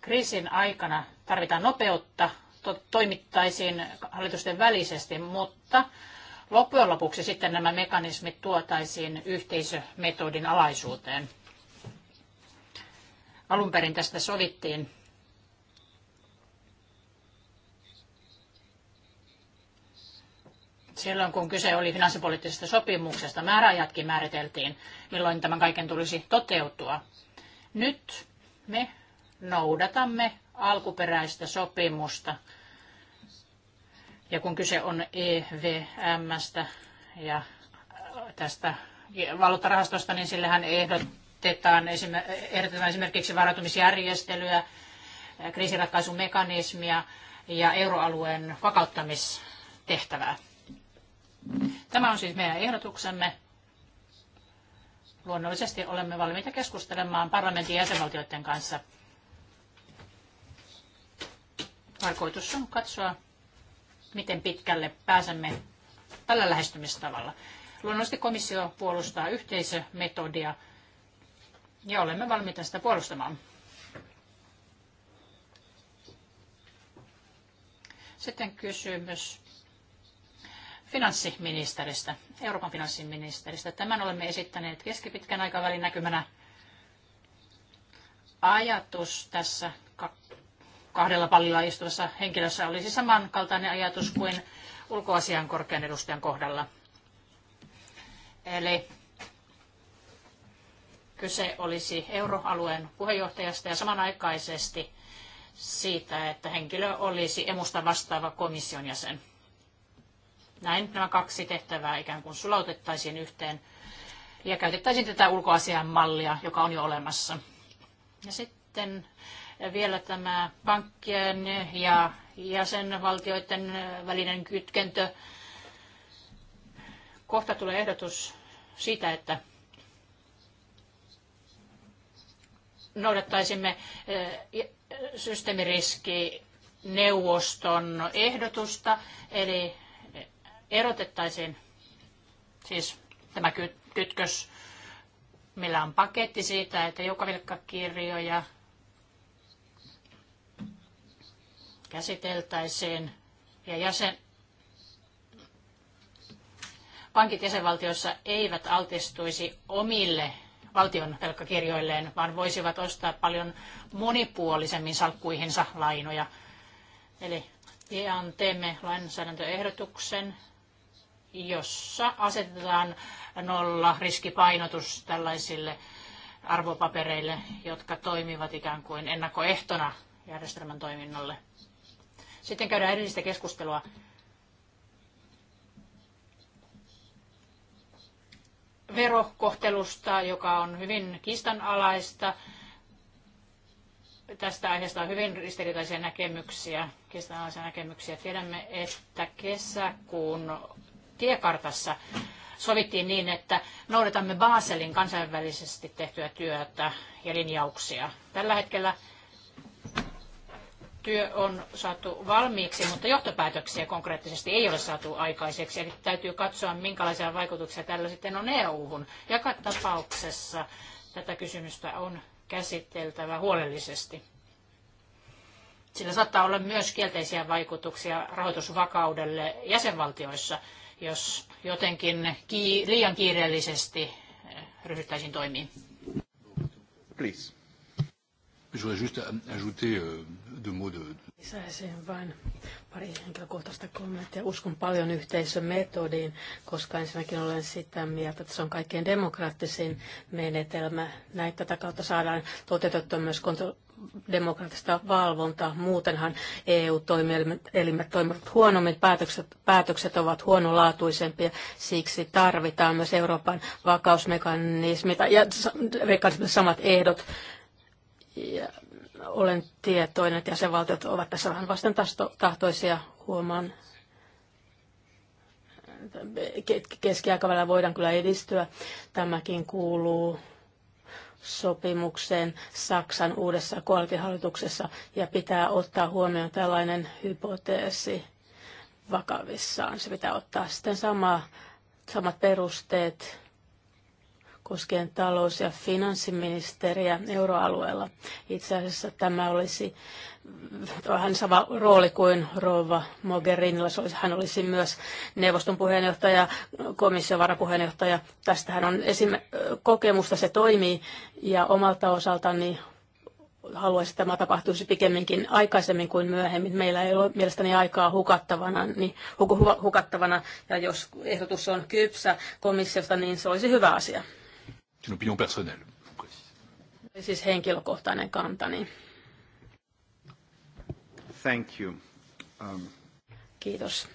Speaker 4: kriisin aikana tarvitaan nopeutta, to- toimittaisiin hallitusten välisesti, mutta loppujen lopuksi sitten nämä mekanismit tuotaisiin yhteisömetodin alaisuuteen. Alun perin tästä sovittiin Silloin kun kyse oli finanssipoliittisesta sopimuksesta, määräajatkin määriteltiin, milloin tämän kaiken tulisi toteutua. Nyt me noudatamme alkuperäistä sopimusta. Ja kun kyse on EVMstä ja tästä valuuttarahastosta, niin sillähän ehdotetaan, ehdotetaan esimerkiksi varautumisjärjestelyä, kriisiratkaisumekanismia ja euroalueen vakauttamistehtävää. Tämä on siis meidän ehdotuksemme. Luonnollisesti olemme valmiita keskustelemaan parlamentin jäsenvaltioiden kanssa. Tarkoitus on katsoa, miten pitkälle pääsemme tällä lähestymistavalla. Luonnollisesti komissio puolustaa yhteisömetodia ja olemme valmiita sitä puolustamaan. Sitten kysymys finanssiministeristä, Euroopan finanssiministeristä. Tämän olemme esittäneet keskipitkän aikavälin näkymänä. Ajatus tässä kahdella pallilla istuvassa henkilössä olisi samankaltainen ajatus kuin ulkoasian korkean edustajan kohdalla. Eli kyse olisi euroalueen puheenjohtajasta ja samanaikaisesti siitä, että henkilö olisi emusta vastaava komission jäsen. Näin nämä kaksi tehtävää ikään kuin sulautettaisiin yhteen ja käytettäisiin tätä ulkoasian mallia, joka on jo olemassa. Ja sitten vielä tämä pankkien ja jäsenvaltioiden välinen kytkentö. Kohta tulee ehdotus siitä, että noudattaisimme eh, systeemiriski neuvoston ehdotusta, eli erotettaisiin siis tämä kytkös, millä on paketti siitä, että joukkovelkakirjoja käsiteltäisiin ja jäsen, pankit jäsenvaltioissa eivät altistuisi omille valtion velkakirjoilleen, vaan voisivat ostaa paljon monipuolisemmin salkkuihinsa lainoja. Eli pian teemme lainsäädäntöehdotuksen jossa asetetaan nolla riskipainotus tällaisille arvopapereille, jotka toimivat ikään kuin ennakkoehtona järjestelmän toiminnalle. Sitten käydään erillistä keskustelua verokohtelusta, joka on hyvin kiistanalaista. Tästä aiheesta on hyvin ristiriitaisia näkemyksiä, kiistanalaisia näkemyksiä. Tiedämme, että kesäkuun tiekartassa sovittiin niin, että noudatamme Baselin kansainvälisesti tehtyä työtä ja linjauksia. Tällä hetkellä työ on saatu valmiiksi, mutta johtopäätöksiä konkreettisesti ei ole saatu aikaiseksi. Eli täytyy katsoa, minkälaisia vaikutuksia tällä sitten on EU-hun. Joka tapauksessa tätä kysymystä on käsiteltävä huolellisesti. Sillä saattaa olla myös kielteisiä vaikutuksia rahoitusvakaudelle jäsenvaltioissa – jos jotenkin liian kiireellisesti eh, ryhdyttäisiin toimiin.
Speaker 1: Please. Euh,
Speaker 4: Lisäisin vain pari henkilökohtaista kommenttia. Uskon
Speaker 3: paljon yhteisön metodiin, koska ensinnäkin olen sitä mieltä, että se on kaikkein demokraattisin menetelmä. Näin tätä kautta saadaan toteutettua myös kontro- demokraattista valvontaa. Muutenhan EU-toimielimet toimivat huonommin, päätökset, päätökset ovat huonolaatuisempia, siksi tarvitaan myös Euroopan vakausmekanismit ja mekanismit samat ehdot. Ja olen tietoinen, että jäsenvaltiot ovat tässä vähän vasten tahtoisia huomaan. Keskiaikavälillä voidaan kyllä edistyä. Tämäkin kuuluu sopimukseen Saksan uudessa koalitihallituksessa ja pitää ottaa huomioon tällainen hypoteesi vakavissaan. Se pitää ottaa sitten sama, samat perusteet koskien talous- ja finanssiministeriä euroalueella. Itse asiassa tämä olisi vähän sama rooli kuin Rova Mogherinilla. Hän olisi myös neuvoston puheenjohtaja, komission varapuheenjohtaja. Tästähän on esim- kokemusta, se toimii ja omalta osaltani haluaisin, että tämä tapahtuisi pikemminkin aikaisemmin kuin myöhemmin. Meillä ei ole mielestäni aikaa hukattavana, niin, hukattavana ja jos ehdotus on kypsä komissiosta, niin se olisi hyvä asia.
Speaker 1: C'est une opinion personnelle.
Speaker 3: Siis henkilökohtainen kantani.
Speaker 1: Thank you. Um...
Speaker 3: Kiitos.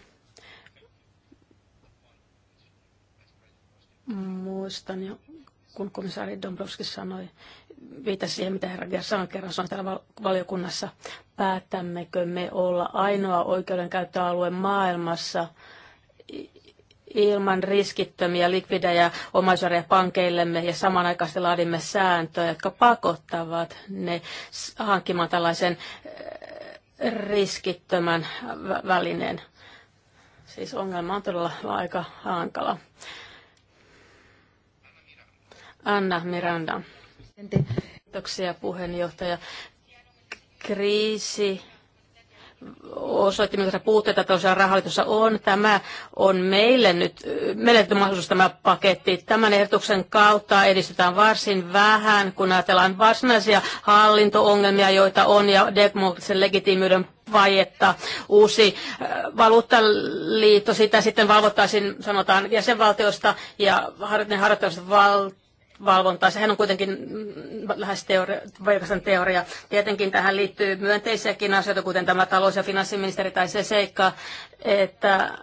Speaker 3: Muistan jo, kun komissaari Dombrovski sanoi, viitasi siihen, mitä herra sanoi kerran sanoi täällä valiokunnassa, päätämmekö me olla ainoa oikeudenkäyttöalue maailmassa, ilman riskittömiä likvidejä omaisuuria pankeillemme ja samanaikaisesti laadimme sääntöjä, jotka pakottavat ne hankkimaan tällaisen eh, riskittömän välineen. Siis ongelma on todella aika hankala. Anna Miranda. Kiitoksia puheenjohtaja. Kriisi osoitti, minkälaisia puutteita tosiaan rahaliitossa on. Tämä on meille nyt menetetty mahdollisuus tämä paketti. Tämän ehdotuksen kautta edistetään varsin vähän, kun ajatellaan varsinaisia hallintoongelmia, joita on, ja demokraattisen legitiimiyden vajetta. Uusi äh, valuuttaliitto, sitä sitten valvottaisiin, sanotaan, jäsenvaltioista ja ne valtioista valvontaa. Sehän on kuitenkin lähes teoria, teoria. Tietenkin tähän liittyy myönteisiäkin asioita, kuten tämä talous- ja finanssiministeri tai se seikka, että äh,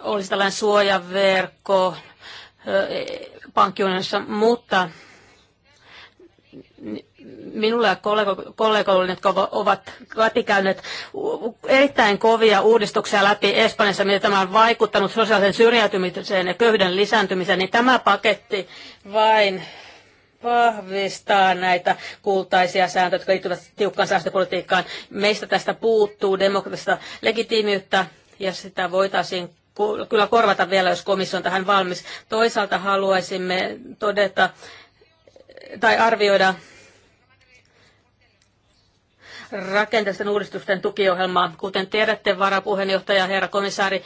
Speaker 3: olisi tällainen suojaverkko äh, pankkiunionissa, mutta minulle ja kollegoille, jotka ovat läpikäyneet erittäin kovia uudistuksia läpi Espanjassa, miten tämä on vaikuttanut sosiaalisen syrjäytymiseen ja köyhyyden lisääntymiseen, niin tämä paketti vain vahvistaa näitä kultaisia sääntöjä, jotka liittyvät tiukkaan säästöpolitiikkaan. Meistä tästä puuttuu demokratista legitiimiyttä ja sitä voitaisiin kyllä korvata vielä, jos komissio on tähän valmis. Toisaalta haluaisimme todeta tai arvioida rakenteisten uudistusten tukiohjelmaa. Kuten tiedätte, varapuheenjohtaja herra komissaari,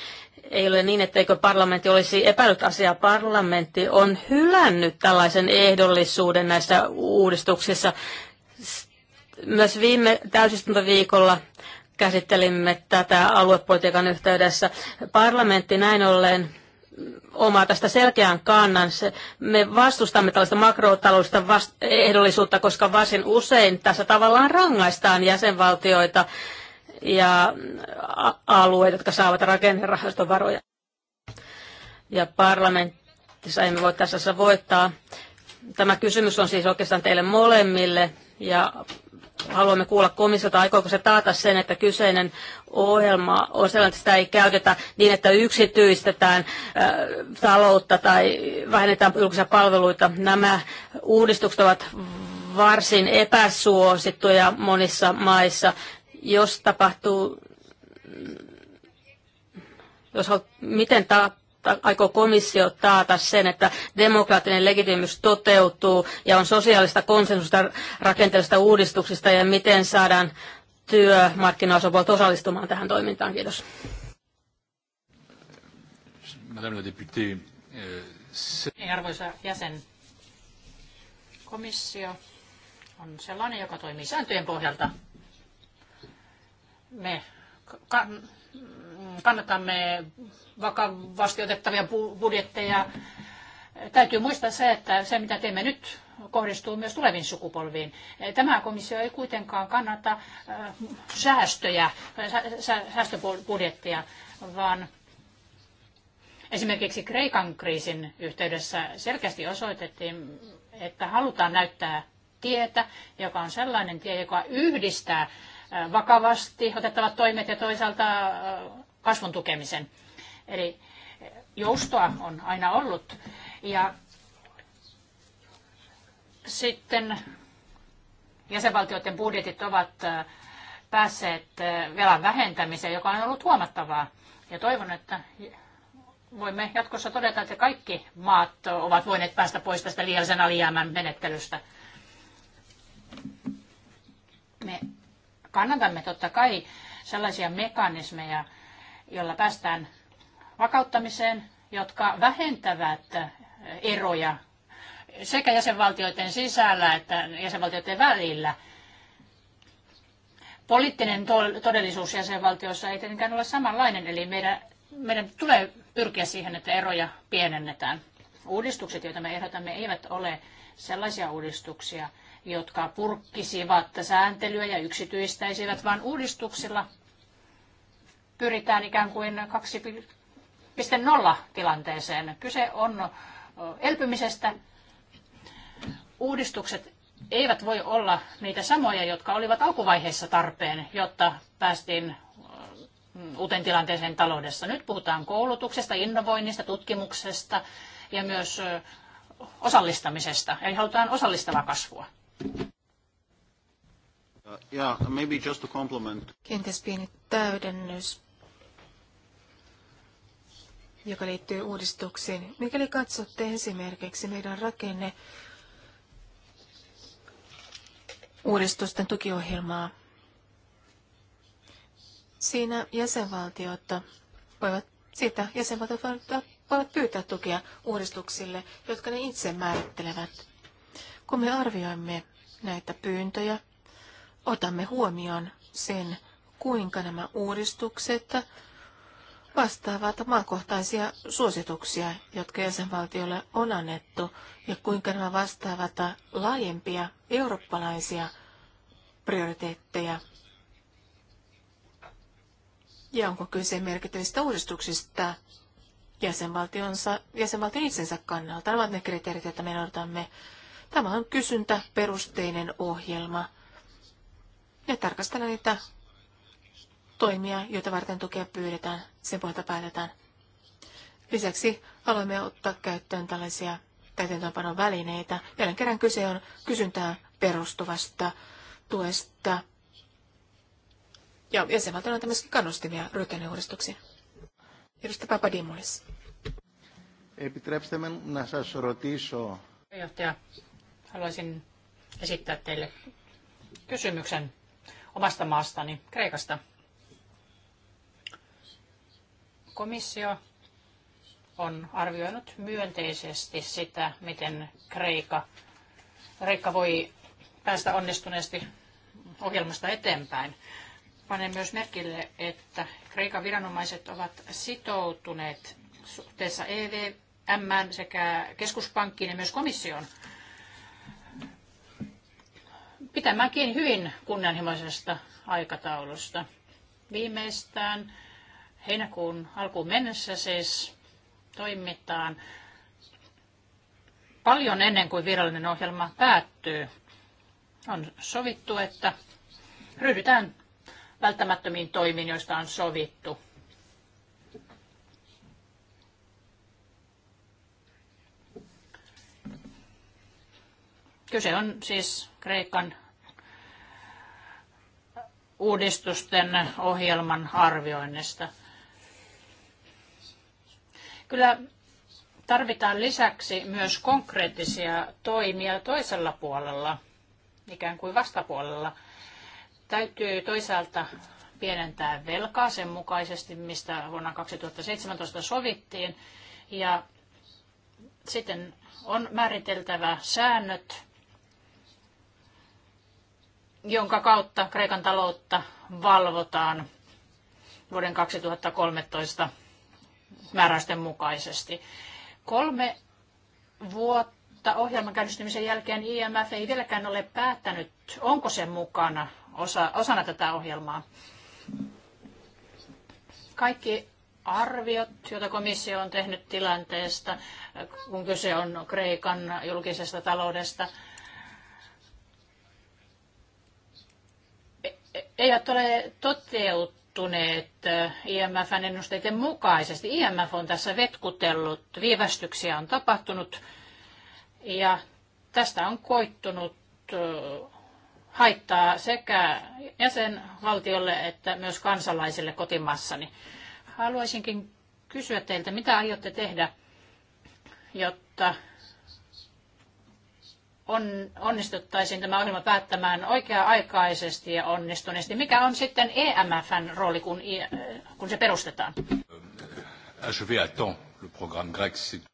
Speaker 3: ei ole niin, etteikö parlamentti olisi epäillyt asiaa. Parlamentti on hylännyt tällaisen ehdollisuuden näissä uudistuksissa. Myös viime täysistuntoviikolla käsittelimme tätä aluepolitiikan yhteydessä. Parlamentti näin ollen omaa tästä selkeän kannan. Me vastustamme tällaista makrotaloudellista vast- ehdollisuutta, koska varsin usein tässä tavallaan rangaistaan jäsenvaltioita ja alueita, jotka saavat rakennerahaston varoja. Ja parlamentissa emme voi tässä voittaa. Tämä kysymys on siis oikeastaan teille molemmille ja haluamme kuulla komissiota, aikooko se taata sen, että kyseinen ohjelma on sellainen, että sitä ei käytetä niin, että yksityistetään taloutta tai vähennetään julkisia palveluita. Nämä uudistukset ovat varsin epäsuosittuja monissa maissa. Jos tapahtuu, jos, miten ta, aikoo komissio taata sen, että demokraattinen legitimus toteutuu ja on sosiaalista konsensusta rakenteellisista uudistuksista ja miten saadaan työmarkkinaosapuolta osallistumaan tähän toimintaan? Kiitos.
Speaker 1: Madame la députée, euh,
Speaker 4: niin, Arvoisa jäsen, komissio on sellainen, joka toimii sääntöjen pohjalta. Me kannatamme vakavasti otettavia budjetteja. Täytyy muistaa se, että se mitä teemme nyt kohdistuu myös tuleviin sukupolviin. Tämä komissio ei kuitenkaan kannata äh, säästöjä, säästöbudjettia, vaan esimerkiksi Kreikan kriisin yhteydessä selkeästi osoitettiin, että halutaan näyttää tietä, joka on sellainen tie, joka yhdistää äh, vakavasti otettavat toimet ja toisaalta äh, kasvun tukemisen. Eli joustoa on aina ollut. Ja sitten jäsenvaltioiden budjetit ovat äh, päässeet äh, velan vähentämiseen, joka on ollut huomattavaa. Ja toivon, että voimme jatkossa todeta, että kaikki maat ovat voineet päästä pois tästä liiallisen alijäämän menettelystä. Me kannatamme totta kai sellaisia mekanismeja, jolla päästään vakauttamiseen, jotka vähentävät eroja sekä jäsenvaltioiden sisällä että jäsenvaltioiden välillä. Poliittinen todellisuus jäsenvaltioissa ei tietenkään ole samanlainen, eli meidän, meidän tulee pyrkiä siihen, että eroja pienennetään. Uudistukset, joita me ehdotamme, eivät ole sellaisia uudistuksia, jotka purkkisivat sääntelyä ja yksityistäisivät, vaan uudistuksilla pyritään ikään kuin 2.0 tilanteeseen. Kyse on elpymisestä. Uudistukset eivät voi olla niitä samoja, jotka olivat alkuvaiheessa tarpeen, jotta päästiin uuteen tilanteeseen taloudessa. Nyt puhutaan koulutuksesta, innovoinnista, tutkimuksesta ja myös osallistamisesta. Eli halutaan osallistavaa kasvua.
Speaker 1: Yeah, maybe just a compliment.
Speaker 2: Kenties pieni täydennys joka liittyy uudistuksiin. Mikäli katsotte esimerkiksi meidän rakenne uudistusten tukiohjelmaa, siinä jäsenvaltiot voivat, siitä jäsenvaltiot voivat pyytää tukea uudistuksille, jotka ne itse määrittelevät. Kun me arvioimme näitä pyyntöjä, otamme huomioon sen, kuinka nämä uudistukset vastaavat maakohtaisia suosituksia, jotka jäsenvaltiolle on annettu, ja kuinka nämä vastaavat laajempia eurooppalaisia prioriteetteja. Ja onko kyse merkittävistä uudistuksista jäsenvaltionsa, jäsenvaltion itsensä kannalta? Ne ovat ne kriteerit, joita me odotamme. Tämä on kysyntäperusteinen ohjelma. Ja tarkastellaan niitä toimia, joita varten tukea pyydetään, sen pohjalta päätetään. Lisäksi haluamme ottaa käyttöön tällaisia täytäntöönpanon välineitä. Jälleen kerran kyse on kysyntään perustuvasta tuesta. Ja jäsenvaltio on myöskin kannustimia ryhtyneuvodistuksiin. Edustaja Papadimulis.
Speaker 1: Επιτρέψτε με να σας ρωτήσω.
Speaker 4: Puheenjohtaja, haluaisin esittää teille kysymyksen omasta maastani, Kreikasta. Komissio on arvioinut myönteisesti sitä, miten Kreikka, Kreikka voi päästä onnistuneesti ohjelmasta eteenpäin. Panen myös merkille, että Kreikan viranomaiset ovat sitoutuneet suhteessa EVM sekä keskuspankkiin ja myös komission kiinni hyvin kunnianhimoisesta aikataulusta. Viimeistään heinäkuun alkuun mennessä siis toimitaan paljon ennen kuin virallinen ohjelma päättyy. On sovittu, että ryhdytään välttämättömiin toimiin, joista on sovittu. Kyse on siis Kreikan uudistusten ohjelman arvioinnista – Kyllä tarvitaan lisäksi myös konkreettisia toimia toisella puolella, ikään kuin vastapuolella. Täytyy toisaalta pienentää velkaa sen mukaisesti, mistä vuonna 2017 sovittiin. Ja sitten on määriteltävä säännöt, jonka kautta Kreikan taloutta valvotaan vuoden 2013 määräysten mukaisesti. Kolme vuotta ohjelman käynnistymisen jälkeen IMF ei vieläkään ole päättänyt, onko se mukana osa, osana tätä ohjelmaa. Kaikki arviot, joita komissio on tehnyt tilanteesta, kun kyse on Kreikan julkisesta taloudesta, e- e- eivät ole toteutuneet muuttuneet eh, IMFn ennusteiden mukaisesti. IMF on tässä vetkutellut, viivästyksiä on tapahtunut ja tästä on koittunut eh, haittaa sekä jäsenvaltiolle että myös kansalaisille kotimaassani. Haluaisinkin kysyä teiltä, mitä aiotte tehdä, jotta on, onnistuttaisiin tämä ohjelma päättämään oikea-aikaisesti ja onnistuneesti. Mikä on sitten EMFn rooli, kun, äh, kun se perustetaan?
Speaker 1: Euh,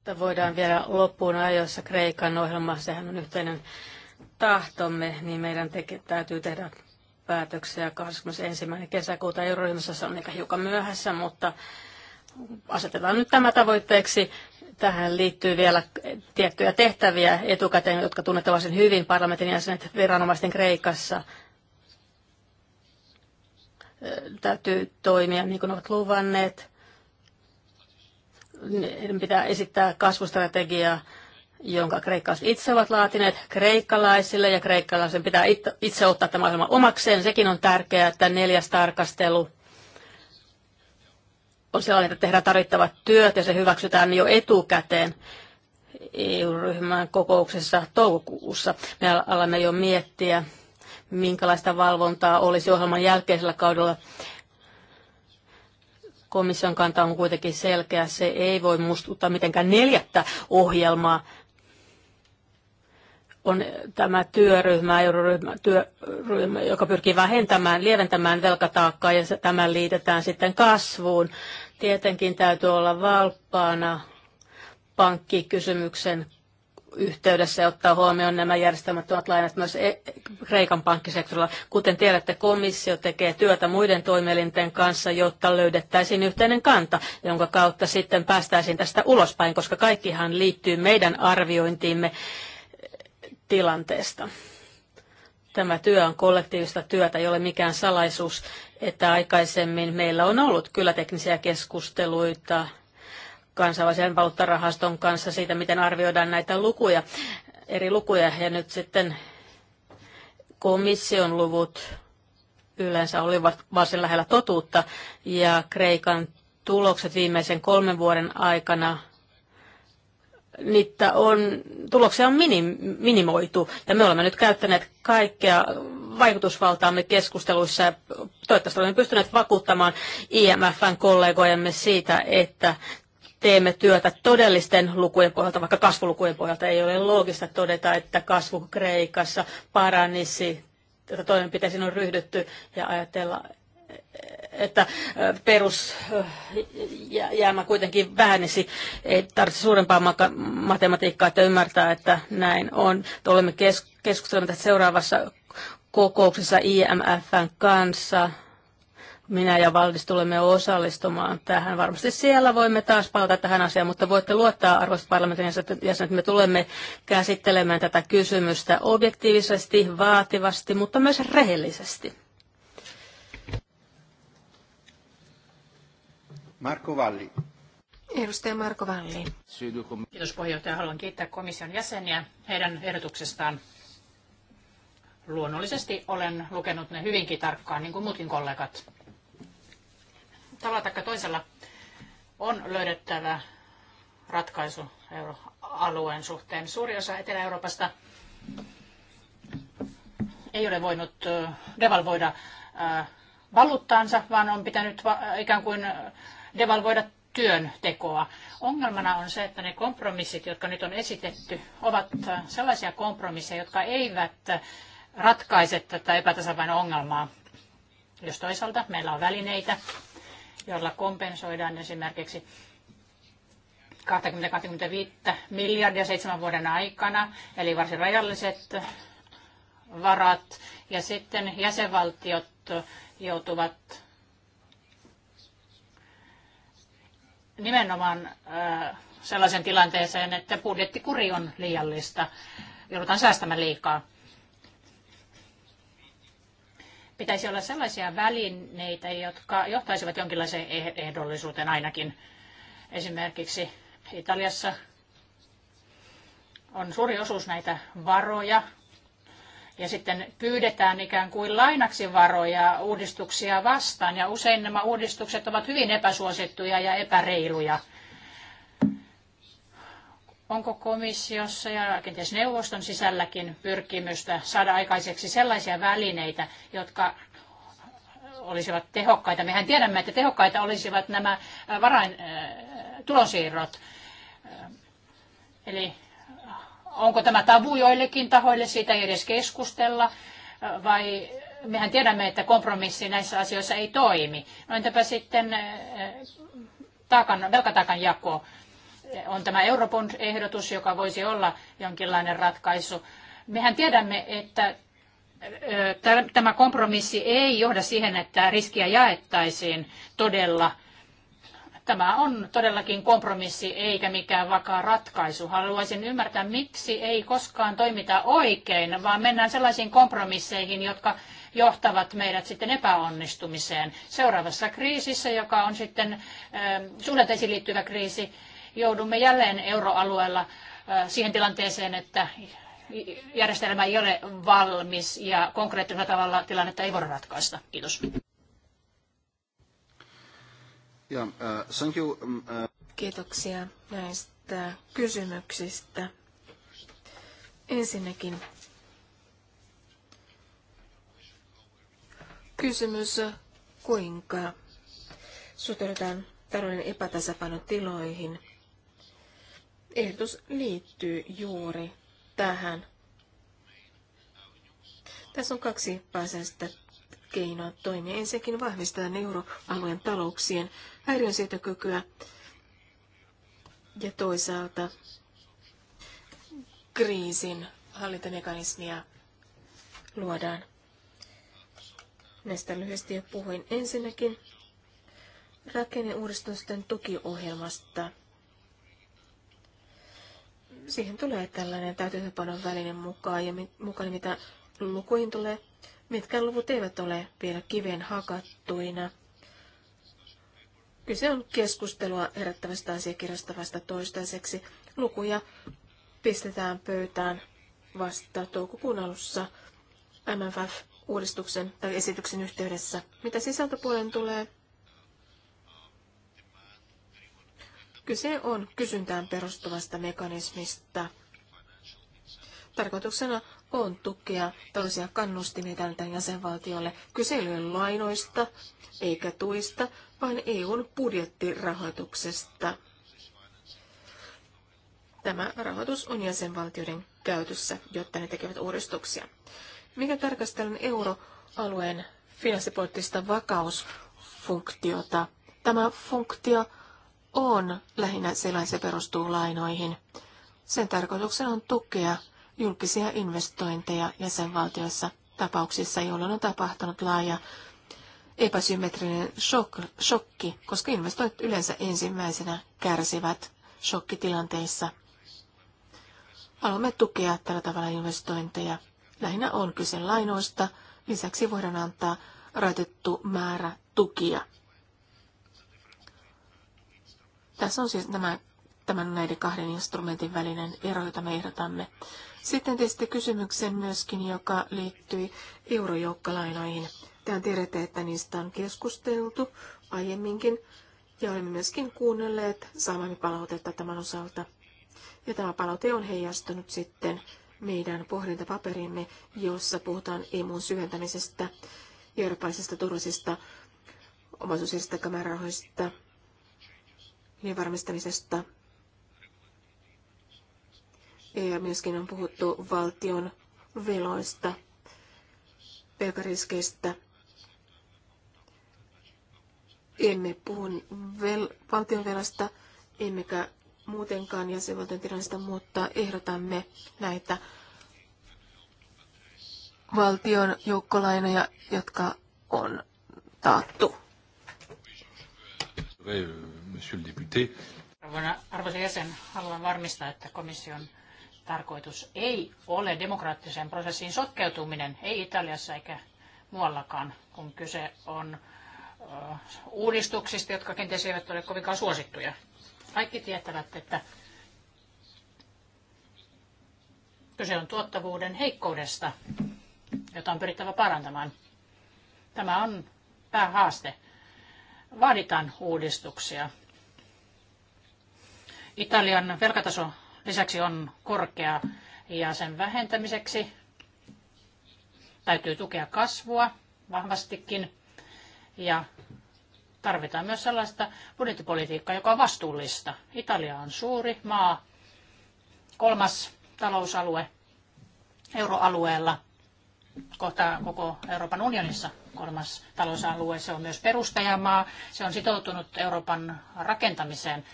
Speaker 4: Tätä Voidaan
Speaker 3: vielä loppuun ajoissa Kreikan ohjelma, sehän on yhteinen tahtomme, niin meidän teke, täytyy tehdä päätöksiä 21. kesäkuuta euroryhmässä. Se on ehkä hiukan myöhässä, mutta asetetaan nyt tämä tavoitteeksi. Tähän liittyy vielä tiettyjä tehtäviä etukäteen, jotka tunnette varsin hyvin parlamentin jäsenet viranomaisten Kreikassa. Täytyy toimia niin kuin ovat luvanneet. Niin pitää esittää kasvustrategiaa, jonka kreikkalaiset itse ovat laatineet kreikkalaisille, ja kreikkalaisen pitää itse ottaa tämä ohjelma omakseen. Sekin on tärkeää, että neljäs tarkastelu – on sellainen, että tehdään tarvittavat työt ja se hyväksytään jo etukäteen EU-ryhmän kokouksessa toukokuussa. Me alamme jo miettiä, minkälaista valvontaa olisi ohjelman jälkeisellä kaudella. Komission kanta on kuitenkin selkeä. Se ei voi muistuttaa mitenkään neljättä ohjelmaa, on tämä työryhmä, euroryhmä, työryhmä, joka pyrkii vähentämään, lieventämään velkataakkaa ja tämä liitetään sitten kasvuun. Tietenkin täytyy olla valppaana pankkikysymyksen yhteydessä ja ottaa huomioon nämä järjestelmät lainat myös e- Kreikan pankkisektorilla. Kuten tiedätte, komissio tekee työtä muiden toimielinten kanssa, jotta löydettäisiin yhteinen kanta, jonka kautta sitten päästäisiin tästä ulospäin, koska kaikkihan liittyy meidän arviointiimme tilanteesta. Tämä työ on kollektiivista työtä, ei ole mikään salaisuus, että aikaisemmin meillä on ollut kyllä teknisiä keskusteluita kansainvälisen valuuttarahaston kanssa siitä, miten arvioidaan näitä lukuja, eri lukuja. Ja nyt sitten komission luvut yleensä olivat varsin lähellä totuutta ja Kreikan tulokset viimeisen kolmen vuoden aikana niitä on, tuloksia on minim, minimoitu ja me olemme nyt käyttäneet kaikkea vaikutusvaltaamme keskusteluissa ja toivottavasti olemme pystyneet vakuuttamaan IMFn kollegojemme siitä, että teemme työtä todellisten lukujen pohjalta, vaikka kasvulukujen pohjalta ei ole loogista todeta, että kasvu Kreikassa paranisi, tätä toimenpiteisiin on ryhdytty ja ajatella, että perusjäämä kuitenkin vähenisi. Ei tarvitse suurempaa matematiikkaa, että ymmärtää, että näin on. Olemme keskustelemme seuraavassa kokouksessa IMFn kanssa. Minä ja Valdis tulemme osallistumaan tähän. Varmasti siellä voimme taas palata tähän asiaan, mutta voitte luottaa arvoisat parlamentin jäsenet, että me tulemme käsittelemään tätä kysymystä objektiivisesti, vaativasti, mutta myös rehellisesti.
Speaker 1: Marko Valli.
Speaker 2: Edustaja Marko Valli. Kiitos
Speaker 4: puheenjohtaja. Haluan kiittää komission jäseniä heidän ehdotuksestaan. Luonnollisesti olen lukenut ne hyvinkin tarkkaan, niin kuin muutkin kollegat. Tavalla taikka toisella on löydettävä ratkaisu euroalueen suhteen. Suuri osa Etelä-Euroopasta ei ole voinut devalvoida valuuttaansa, vaan on pitänyt ikään kuin devalvoida tekoa. Ongelmana on se, että ne kompromissit, jotka nyt on esitetty, ovat sellaisia kompromisseja, jotka eivät ratkaise tätä epätasapaino-ongelmaa. Jos toisaalta meillä on välineitä, joilla kompensoidaan esimerkiksi 20-25 miljardia seitsemän vuoden aikana, eli varsin rajalliset varat, ja sitten jäsenvaltiot joutuvat nimenomaan äh, sellaisen tilanteeseen, että budjettikuri on liiallista, joudutaan säästämään liikaa. Pitäisi olla sellaisia välineitä, jotka johtaisivat jonkinlaiseen eh- ehdollisuuteen ainakin. Esimerkiksi Italiassa on suuri osuus näitä varoja, ja sitten pyydetään ikään kuin lainaksi varoja uudistuksia vastaan. Ja usein nämä uudistukset ovat hyvin epäsuosittuja ja epäreiluja. Onko komissiossa ja kenties neuvoston sisälläkin pyrkimystä saada aikaiseksi sellaisia välineitä, jotka olisivat tehokkaita? Mehän tiedämme, että tehokkaita olisivat nämä varain äh, tulonsiirrot. Eli Onko tämä tabu joillekin tahoille, siitä ei edes keskustella, vai mehän tiedämme, että kompromissi näissä asioissa ei toimi. No entäpä sitten eh, taakan, velkataakan jako? On tämä Eurobond-ehdotus, joka voisi olla jonkinlainen ratkaisu. Mehän tiedämme, että eh, tämä kompromissi ei johda siihen, että riskiä jaettaisiin todella – Tämä on todellakin kompromissi eikä mikään vakaa ratkaisu. Haluaisin ymmärtää, miksi ei koskaan toimita oikein, vaan mennään sellaisiin kompromisseihin, jotka johtavat meidät sitten epäonnistumiseen. Seuraavassa kriisissä, joka on sitten äh, suhdanteisiin liittyvä kriisi, joudumme jälleen euroalueella äh, siihen tilanteeseen, että järjestelmä ei ole valmis ja konkreettisella tavalla tilannetta ei voida ratkaista.
Speaker 1: Kiitos. Yeah, uh, thank you. Um, uh...
Speaker 2: Kiitoksia näistä kysymyksistä. Ensinnäkin kysymys, kuinka suhtaudutaan talouden epätasapainotiloihin. Ehdotus liittyy juuri tähän. Tässä on kaksi pääsäistä keino toimia. Ensinnäkin vahvistaa euroalueen talouksien häiriönsietokykyä ja toisaalta kriisin hallintamekanismia luodaan. Näistä lyhyesti jo puhuin. Ensinnäkin rakenneuudistusten tukiohjelmasta. Siihen tulee tällainen täytäntöpanon välinen mukaan ja mukaan mitä lukuihin tulee Mitkä luvut eivät ole vielä kiven hakattuina. Kyse on keskustelua herättävästä asiakirjasta vasta toistaiseksi. Lukuja pistetään pöytään vasta toukokuun alussa MFF-uudistuksen tai esityksen yhteydessä. Mitä sisältöpuolen tulee, Kyse on kysyntään perustuvasta mekanismista. Tarkoituksena on tukea tällaisia kannustimia tältä jäsenvaltiolle. Kyse lainoista eikä tuista, vaan EUn budjettirahoituksesta. Tämä rahoitus on jäsenvaltioiden käytössä, jotta ne tekevät uudistuksia. Mikä tarkastelen euroalueen finanssipoliittista vakausfunktiota? Tämä funktio on lähinnä sellainen, se perustuu lainoihin. Sen tarkoituksena on tukea julkisia investointeja jäsenvaltioissa tapauksissa, jolloin on tapahtunut laaja epäsymmetrinen shok, shokki, koska investoijat yleensä ensimmäisenä kärsivät shokkitilanteissa. Haluamme tukea tällä tavalla investointeja. Lähinnä on kyse lainoista, lisäksi voidaan antaa rajoitettu määrä tukia. Tässä on siis nämä Tämän näiden kahden instrumentin välinen ero, jota me ehdotamme. Sitten tietysti kysymyksen myöskin, joka liittyi eurojoukkalainoihin. Tämän tiedätte, että niistä on keskusteltu aiemminkin ja olemme myöskin kuunnelleet saamamme palautetta tämän osalta. Ja tämä palaute on heijastunut sitten meidän pohdintapaperimme, jossa puhutaan emun syventämisestä, eurooppalaisista turvallisista omaisuusjärjestelmärahoista niiden varmistamisesta ja myöskin on puhuttu valtion veloista, velkariskeistä. Emme puhu vel- velasta, emmekä muutenkaan jäsenvaltion tilannesta, mutta ehdotamme näitä valtion joukkolainoja, jotka on
Speaker 1: taattu.
Speaker 4: Arvoisa jäsen, haluan varmistaa, että komission tarkoitus ei ole demokraattiseen prosessiin sotkeutuminen, ei Italiassa eikä muuallakaan, kun kyse on uudistuksista, jotka kenties eivät ole kovinkaan suosittuja. Kaikki tietävät, että kyse on tuottavuuden heikkoudesta, jota on pyrittävä parantamaan. Tämä on päähaaste. Vaaditaan uudistuksia. Italian velkataso lisäksi on korkea ja sen vähentämiseksi täytyy tukea kasvua vahvastikin ja tarvitaan myös sellaista budjettipolitiikkaa, joka on vastuullista. Italia on suuri maa, kolmas talousalue euroalueella, kohta koko Euroopan unionissa kolmas talousalue. Se on myös perustajamaa, se on sitoutunut Euroopan rakentamiseen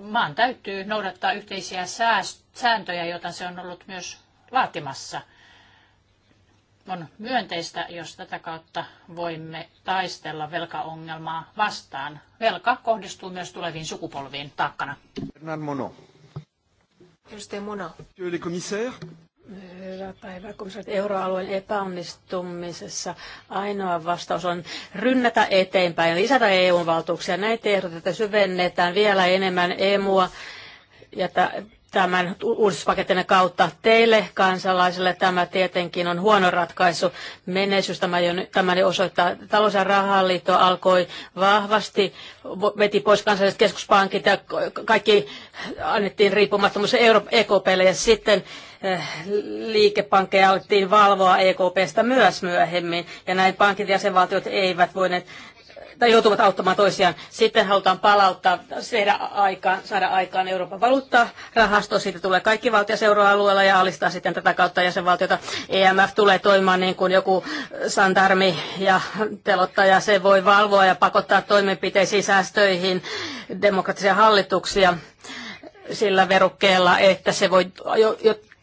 Speaker 4: maan täytyy noudattaa yhteisiä sääntöjä, joita se on ollut myös laatimassa. On myönteistä, jos tätä kautta voimme taistella velkaongelmaa vastaan. Velka kohdistuu myös tuleviin sukupolviin taakkana. Mono. Edustaja Mono.
Speaker 1: Monsieur le commissaire.
Speaker 3: Hyvä päivä, komissaari. Euroalueen epäonnistumisessa ainoa vastaus on rynnätä eteenpäin ja lisätä EUn valtuuksia. Näitä ehdotetaan syvennetään vielä enemmän EMUa ja tämän uudistuspaketin kautta teille kansalaisille. Tämä tietenkin on huono ratkaisu. Menestys tämä osoittaa. Talous- ja rahaliitto alkoi vahvasti, veti pois kansalliset keskuspankit ja kaikki annettiin riippumattomuus EKPlle e ja sitten Eh, liikepankkeja alettiin valvoa EKPstä myös myöhemmin, ja näin pankit ja jäsenvaltiot eivät voineet tai joutuvat auttamaan toisiaan. Sitten halutaan palauttaa, tehdä aikaan, saada aikaan Euroopan valuuttarahasto. Siitä tulee kaikki valtiot seuraalueella ja alistaa sitten tätä kautta jäsenvaltiota. EMF tulee toimimaan niin kuin joku sandarmi ja telottaja. Se voi valvoa ja pakottaa toimenpiteisiin säästöihin demokratisia hallituksia sillä verukkeella, että se voi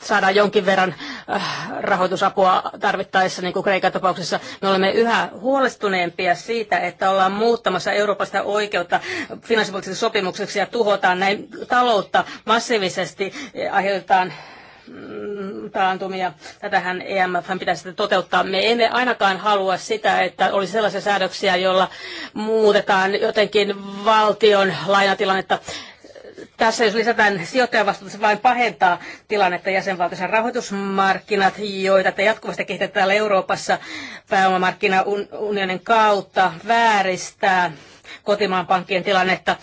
Speaker 3: saadaan jonkin verran äh, rahoitusapua tarvittaessa, niin kuin Kreikan tapauksessa. Me olemme yhä huolestuneempia siitä, että ollaan muuttamassa Euroopasta oikeutta finanssipoliittiseksi sopimukseksi ja tuhotaan näin taloutta massiivisesti, äh, aiheutetaan mm, taantumia. Tätähän EMF pitäisi toteuttaa. Me emme ainakaan halua sitä, että olisi sellaisia säädöksiä, joilla muutetaan jotenkin valtion lainatilannetta tässä jos lisätään sijoittajavastuuta, se vain pahentaa tilannetta jäsenvaltioissa. Rahoitusmarkkinat, joita te jatkuvasti kehitetään täällä Euroopassa pääomamarkkinaunionin kautta, vääristää kotimaan pankkien tilannetta.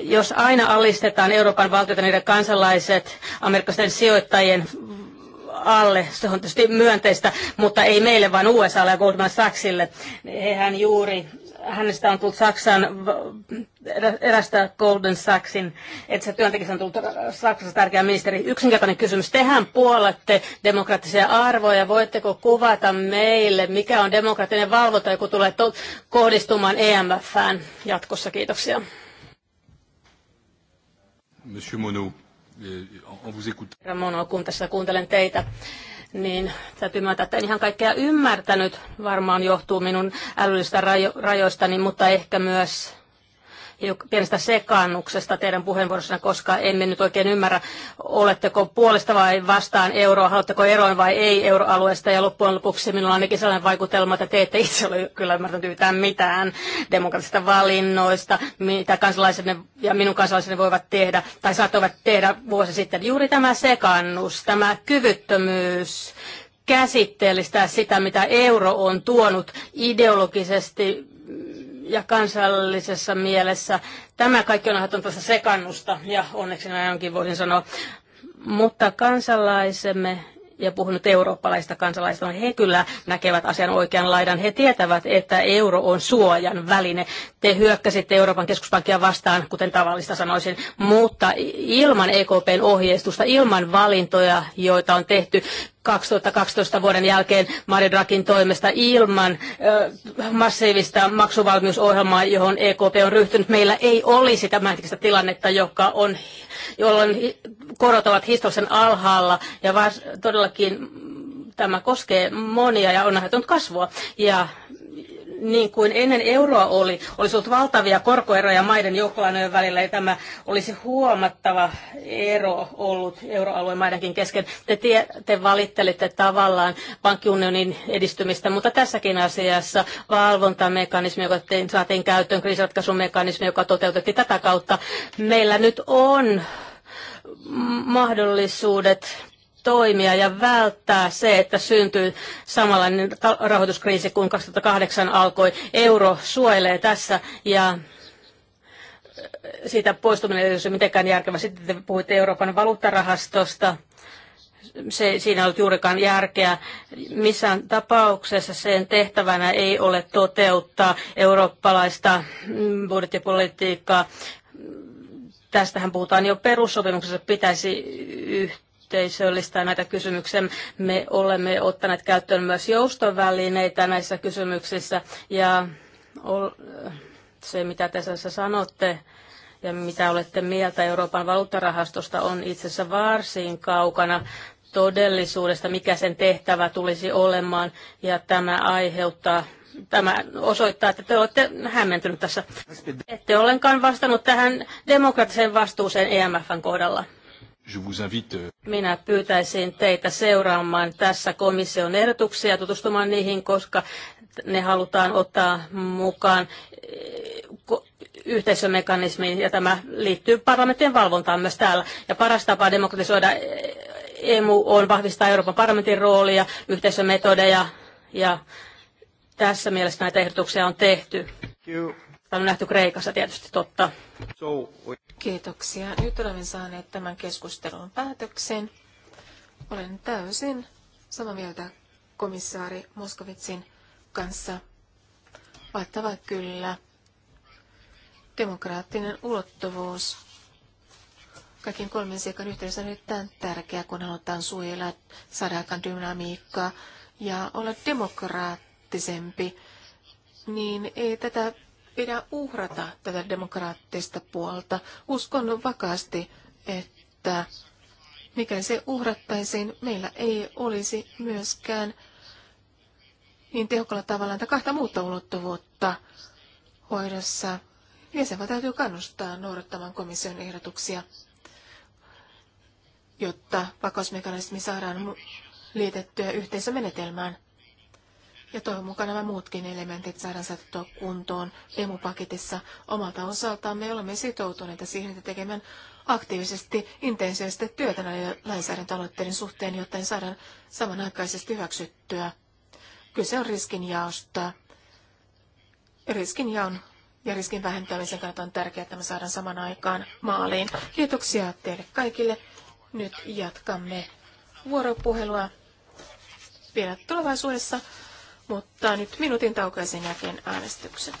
Speaker 3: Jos aina alistetaan Euroopan valtioita niiden kansalaiset amerikkalaisten sijoittajien alle. Se on tietysti myönteistä, mutta ei meille, vaan USAlle ja Goldman Sachsille. Hehän juuri hänestä on tullut Saksan erästä Golden Saxin, että se työntekijä on tullut Saksassa tärkeä ministeri. Yksinkertainen kysymys. Tehän puolette demokraattisia arvoja. Voitteko kuvata meille, mikä on demokraattinen valvonta, joku tulee kohdistumaan EMFään jatkossa? Kiitoksia. Monsieur Mono, eh, on vous écoute. Mono, kun tässä kuuntelen teitä niin täytyy myöntää, että en ihan kaikkea ymmärtänyt. Varmaan johtuu minun älyllisistä rajo- rajoistani, mutta ehkä myös pienestä sekaannuksesta teidän puheenvuorossanne, koska emme nyt oikein ymmärrä, oletteko puolesta vai vastaan euroa, haluatteko eroon vai ei euroalueesta. Ja loppujen lopuksi minulla on ainakin sellainen vaikutelma, että te ette itse ole kyllä ymmärtänyt yhtään mitään demokraattisista valinnoista, mitä kansalaisenne ja minun kansalaisenne voivat tehdä tai saattoivat tehdä vuosi sitten. Juuri tämä sekannus, tämä kyvyttömyys, käsitteellistää sitä, mitä euro on tuonut ideologisesti ja kansallisessa mielessä. Tämä kaikki on aiheuttanut tästä sekannusta ja onneksi näin onkin voisin sanoa. Mutta kansalaisemme ja puhunut eurooppalaisista kansalaisista, niin he kyllä näkevät asian oikean laidan. He tietävät, että euro on suojan väline. Te hyökkäsitte Euroopan keskuspankkia vastaan, kuten tavallista sanoisin, mutta ilman EKPn ohjeistusta, ilman valintoja, joita on tehty 2012 vuoden jälkeen Mario Draghin toimesta ilman massiivista maksuvalmiusohjelmaa, johon EKP on ryhtynyt. Meillä ei olisi tämänhetkistä tilannetta, joka on, jolloin korot ovat historiallisen alhaalla ja todellakin tämä koskee monia ja on aiheuttanut kasvua. Ja niin kuin ennen euroa oli, olisi ollut valtavia korkoeroja maiden joukkolainojen välillä, ja tämä olisi huomattava ero ollut euroalueen maidenkin kesken. Te, tie, te valittelitte tavallaan pankkiunionin edistymistä, mutta tässäkin asiassa valvontamekanismi, joka te, saatiin käyttöön, kriisiratkaisumekanismi, joka toteutettiin tätä kautta, meillä nyt on mahdollisuudet toimia ja välttää se, että syntyy samanlainen rahoituskriisi kuin 2008 alkoi. Euro suojelee tässä ja äh, siitä poistuminen ei ole mitenkään järkevä. Sitten te puhuitte Euroopan valuuttarahastosta. Se, siinä ei ollut juurikaan järkeä. Missään tapauksessa sen tehtävänä ei ole toteuttaa eurooppalaista mm, budjettipolitiikkaa tästähän puhutaan jo perussopimuksessa, pitäisi yhteisöllistää näitä kysymyksiä. Me olemme ottaneet käyttöön myös joustovälineitä näissä kysymyksissä ja se, mitä te tässä sanotte, ja mitä olette mieltä Euroopan valuuttarahastosta on itse asiassa varsin kaukana todellisuudesta, mikä sen tehtävä tulisi olemaan, ja tämä aiheuttaa Tämä osoittaa, että te olette hämmentynyt tässä. Ette ollenkaan vastannut tähän demokraattiseen vastuuseen EMFn kohdalla.
Speaker 1: Euh,
Speaker 3: Minä pyytäisin teitä seuraamaan tässä komission ehdotuksia ja tutustumaan niihin, koska ne halutaan ottaa mukaan eh, yhteisömekanismiin ja tämä liittyy parlamentin valvontaan myös täällä. Ja paras tapa demokratisoida EMU eh, e on vahvistaa Euroopan parlamentin roolia, yhteisömetodeja ja tässä mielessä näitä ehdotuksia on tehty. Tämä on nähty Kreikassa tietysti totta.
Speaker 1: So,
Speaker 2: Kiitoksia. Nyt olemme saaneet tämän keskustelun päätöksen. Olen täysin samaa mieltä komissaari Moskovitsin kanssa. Vahtava kyllä. Demokraattinen ulottuvuus. Kaikin kolmen seikan yhteydessä on erittäin tärkeää, kun halutaan suojella sadakan dynamiikkaa ja olla demokraattisempi, niin ei tätä pidä uhrata tätä demokraattista puolta. Uskon vakaasti, että mikäli se uhrattaisiin, meillä ei olisi myöskään niin tehokkaalla tavalla että kahta muuta ulottuvuutta hoidossa. Jäsenvaltio täytyy kannustaa noudattamaan komission ehdotuksia, jotta vakausmekanismi saadaan liitettyä yhteisömenetelmään. Ja toivon mukaan nämä muutkin elementit saadaan saatettua kuntoon emupaketissa. Omalta osaltaan me olemme sitoutuneita siihen, että tekemään aktiivisesti, intensiivisesti työtä näiden lainsäädäntöaloitteiden suhteen, jotta ne saadaan samanaikaisesti hyväksyttyä. Kyse on riskinjaosta. Riskinjaon ja riskin vähentämisen kannalta on tärkeää, että me saadaan saman aikaan maaliin. Kiitoksia teille kaikille. Nyt jatkamme vuoropuhelua vielä tulevaisuudessa mutta nyt minuutin taukoisen jälkeen äänestykset.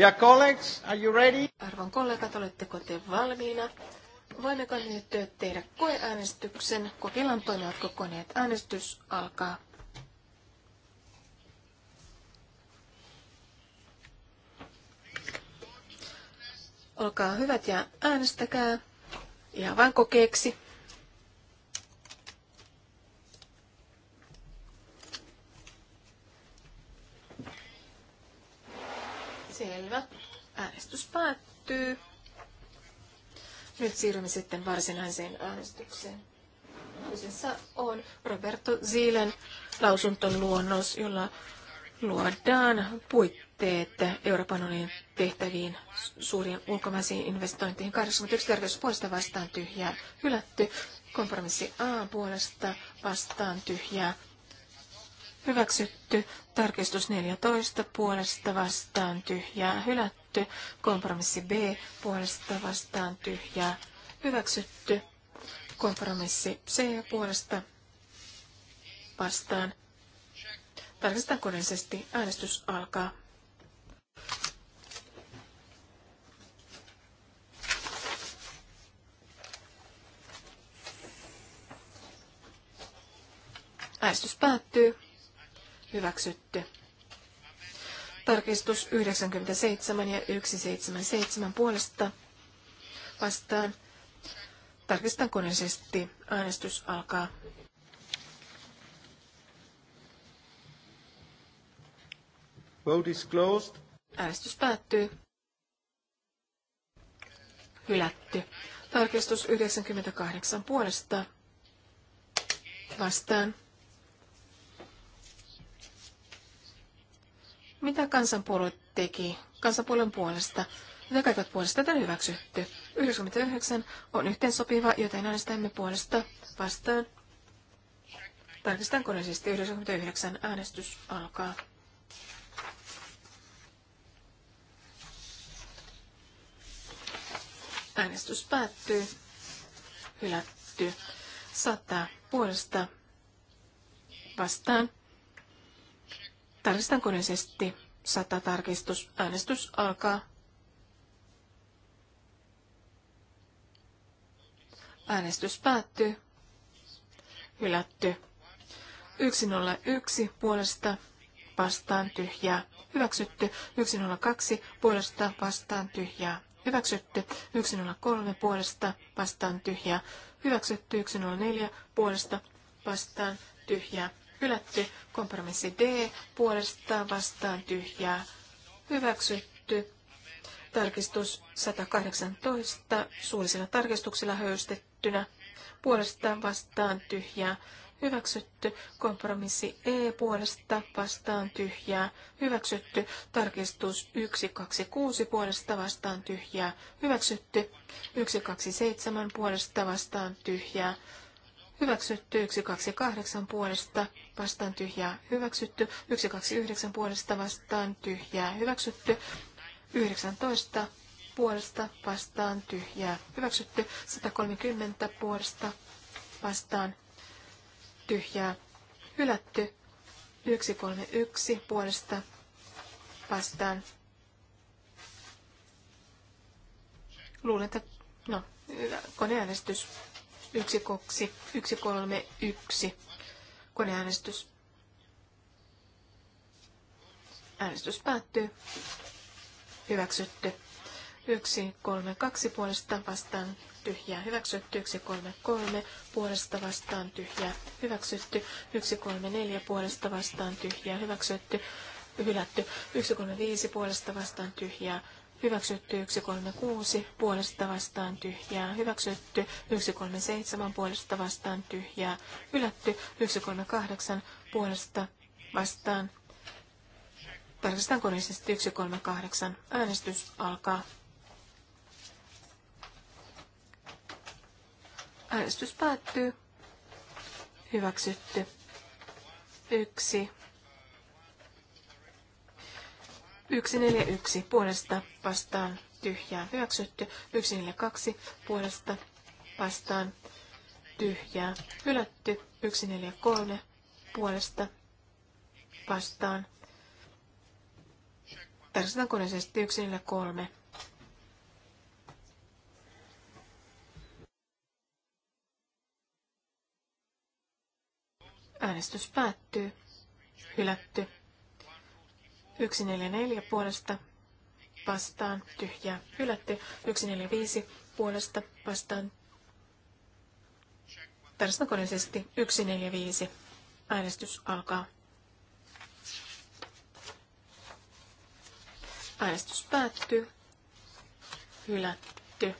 Speaker 2: Ja colleagues, are you ready? Arvon kollegat, oletteko te valmiina? Voimmeko nyt tehdä koeäänestyksen? Kokeillaan toimivatko koneet. Äänestys alkaa. Olkaa hyvät ja äänestäkää. ja vain kokeeksi. Nyt siirrymme sitten varsinaiseen äänestykseen. Kyseessä on Roberto Ziilen lausuntoluonnos, jolla luodaan puitteet Euroopan unionin tehtäviin suuriin ulkomaisiin investointeihin. 81 terveyspuolesta vastaan tyhjää hylätty. Kompromissi A puolesta vastaan tyhjää hyväksytty. Tarkistus 14 puolesta vastaan tyhjää hylätty hyväksytty. Kompromissi B puolesta vastaan tyhjää hyväksytty. Kompromissi C puolesta vastaan. Tarkistetaan koneisesti. Äänestys alkaa. Äänestys päättyy. Hyväksytty. Tarkistus 97 ja 177 puolesta vastaan. Tarkistan koneisesti. Äänestys alkaa.
Speaker 1: Vote is closed.
Speaker 2: Äänestys päättyy. Hylätty. Tarkistus 98 puolesta vastaan. Mitä kansanpuolue teki kansanpuolen puolesta? Mitä kaikot puolesta tätä hyväksytty? 99 on yhteen sopiva, joten äänestämme puolesta vastaan. Tarkistan koneisesti 99 äänestys alkaa. Äänestys päättyy. Hylätty. 100 puolesta vastaan Tarkistan koneisesti. Sata tarkistus. Äänestys alkaa. Äänestys päättyy. Hylätty. 101 puolesta vastaan tyhjää. Hyväksytty. 102 puolesta vastaan tyhjää. Hyväksytty. 103 puolesta vastaan tyhjää. Hyväksytty. 104 puolesta vastaan tyhjää hylätty. Kompromissi D puolesta vastaan tyhjää hyväksytty. Tarkistus 118 suullisilla tarkistuksilla höystettynä. Puolesta vastaan tyhjää hyväksytty. Kompromissi E puolesta vastaan tyhjää hyväksytty. Tarkistus 126 puolesta vastaan tyhjää hyväksytty. 127 puolesta vastaan tyhjää Hyväksytty 128 puolesta vastaan tyhjää. Hyväksytty 129 puolesta vastaan tyhjää. Hyväksytty 19 puolesta vastaan tyhjää. Hyväksytty 130 puolesta vastaan tyhjää. Hylätty 131 puolesta vastaan. Luulen, että no, koneäänestys Yksi kolme, yksi. koneäänestys. Äänestys päättyy. Hyväksytty. yksi kolme kaksi puolesta vastaan tyhjää hyväksytty, yksi kolme kolme puolesta vastaan tyhjää hyväksytty, yksi kolme neljä puolesta vastaan tyhjää hyväksytty, hylätty, viisi puolesta vastaan tyhjää Hyväksytty 136 puolesta vastaan tyhjää. Hyväksytty 137 puolesta vastaan tyhjää. Ylätty 138 puolesta vastaan. Tarkistetaan koneisesti 138. Äänestys alkaa. Äänestys päättyy. Hyväksytty. Yksi 141 puolesta vastaan tyhjää hyväksytty. 142 puolesta vastaan tyhjää hylätty. 143 puolesta vastaan. Tarkistetaan koneisesti 143. Äänestys päättyy. Hylätty. 144 puolesta vastaan tyhjää hylätty. 145 puolesta vastaan tarstakoneisesti 145. Äänestys alkaa. Äänestys päättyy. Hylätty.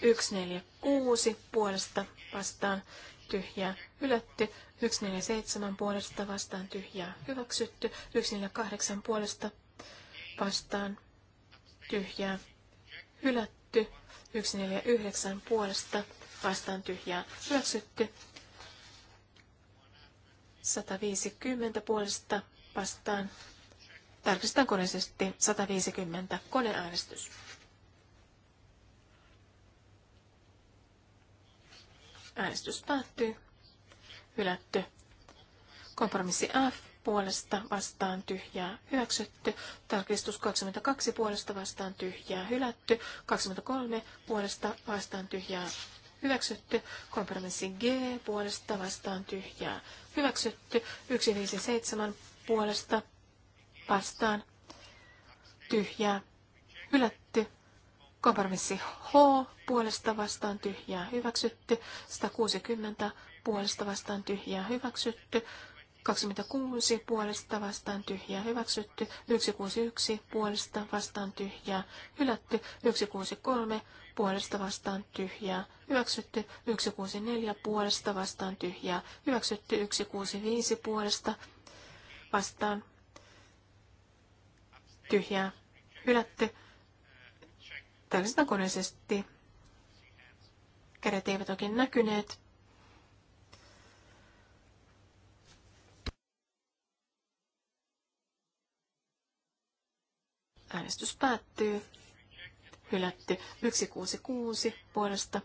Speaker 2: 146 puolesta vastaan tyhjää, hylätty. 147 puolesta vastaan tyhjää, hyväksytty. 148 puolesta vastaan tyhjää, hylätty. 149 puolesta vastaan tyhjää, hyväksytty. 150 puolesta vastaan. Tarkistetaan koneisesti 150 koneäänestys. Äänestys päättyy. Hylätty. Kompromissi F puolesta vastaan tyhjää hyväksytty. Tarkistus 22 puolesta vastaan tyhjää hylätty. 23 puolesta vastaan tyhjää hyväksytty. Kompromissi G puolesta vastaan tyhjää hyväksytty. 157 puolesta vastaan tyhjää hylätty. Kompromissi H puolesta vastaan tyhjää hyväksytty. 160 puolesta vastaan tyhjää hyväksytty. 26 puolesta vastaan tyhjää hyväksytty, 161 puolesta vastaan tyhjää hylätty, 163 puolesta vastaan tyhjää hyväksytty, 164 puolesta vastaan tyhjää hyväksytty, 165 puolesta vastaan tyhjää hylätty, Tarkistetaan koneisesti. Kädet eivät oikein näkyneet. Äänestys päättyy. Hylätty 166 puolesta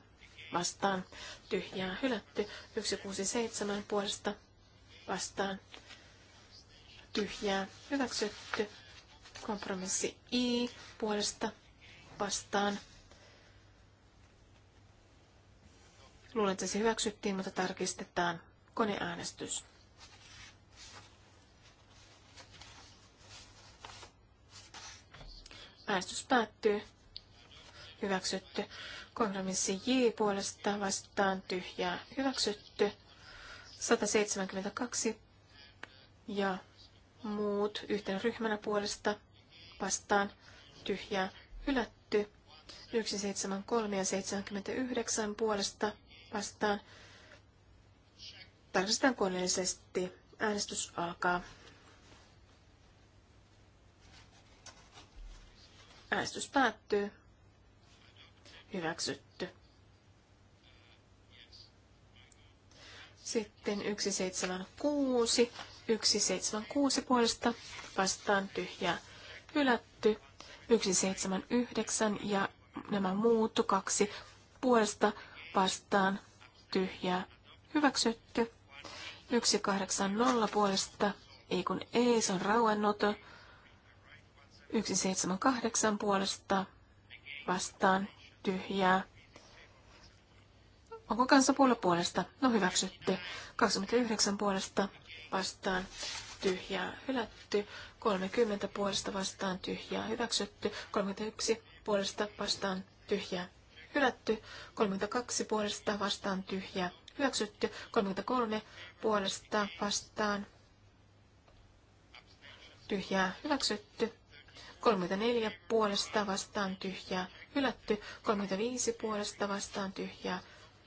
Speaker 2: vastaan. Tyhjää hylätty 167 puolesta vastaan. Tyhjää hyväksytty. Kompromissi I puolesta vastaan. Luulen, että se hyväksyttiin, mutta tarkistetaan koneäänestys. Äänestys päättyy. Hyväksytty. Kompromissi J puolesta vastaan tyhjää. Hyväksytty. 172 ja muut yhtenä ryhmänä puolesta vastaan tyhjää. Hylätty hylätty. 173 ja 79 puolesta vastaan. Tarkastetaan koneellisesti. Äänestys alkaa. Äänestys päättyy. Hyväksytty. Sitten 176. 176 puolesta vastaan tyhjä. hylätty. 179 ja nämä muut kaksi puolesta vastaan tyhjää hyväksytty. 180 puolesta, ei kun ei, se on rauennut. 178 puolesta vastaan tyhjää. Onko kanssa puolesta? No hyväksytty. 29 puolesta vastaan tyhjää hylätty, 30 puolesta vastaan tyhjää hyväksytty, 31 puolesta vastaan tyhjää hylätty, 32 puolesta vastaan tyhjää hyväksytty, 33 puolesta vastaan tyhjää hyväksytty, 34 puolesta vastaan tyhjää hylätty, 35 puolesta vastaan tyhjää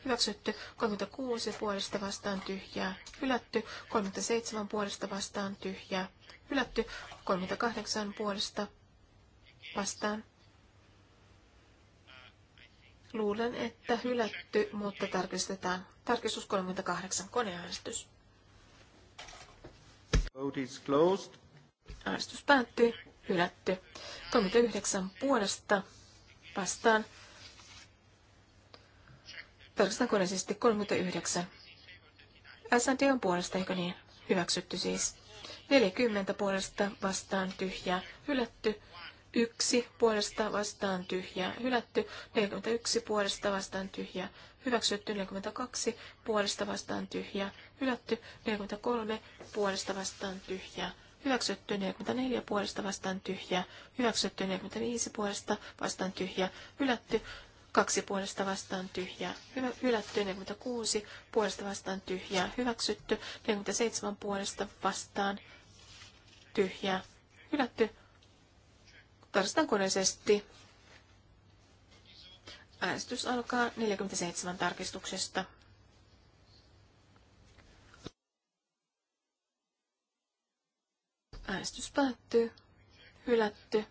Speaker 2: hyväksytty, 36 puolesta vastaan tyhjää, hylätty, 37 puolesta vastaan tyhjää, hylätty, 38 puolesta vastaan. Luulen, että hylätty, mutta tarkistetaan. Tarkistus 38, koneäänestys.
Speaker 1: Vote is closed. Äänestys
Speaker 2: päättyy, hylätty. 39 puolesta vastaan Tarkistetaan koneisesti 39. SND on puolesta, eikö niin? Hyväksytty siis. 40 puolesta vastaan tyhjä, hylätty. 1 puolesta vastaan tyhjä, hylätty. 41 puolesta vastaan tyhjä, hyväksytty. 42 puolesta vastaan tyhjä, hylätty. 43 puolesta vastaan tyhjä, hyväksytty 44 puolesta vastaan tyhjä, hyväksytty 45 puolesta vastaan tyhjä, hylätty Kaksi puolesta vastaan tyhjää. Hyvä, hylätty 46, puolesta vastaan tyhjää. Hyväksytty 47 puolesta vastaan tyhjää. Hylätty. tarkastan koneisesti. Äänestys alkaa 47 tarkistuksesta. Äänestys päättyy. Hylätty.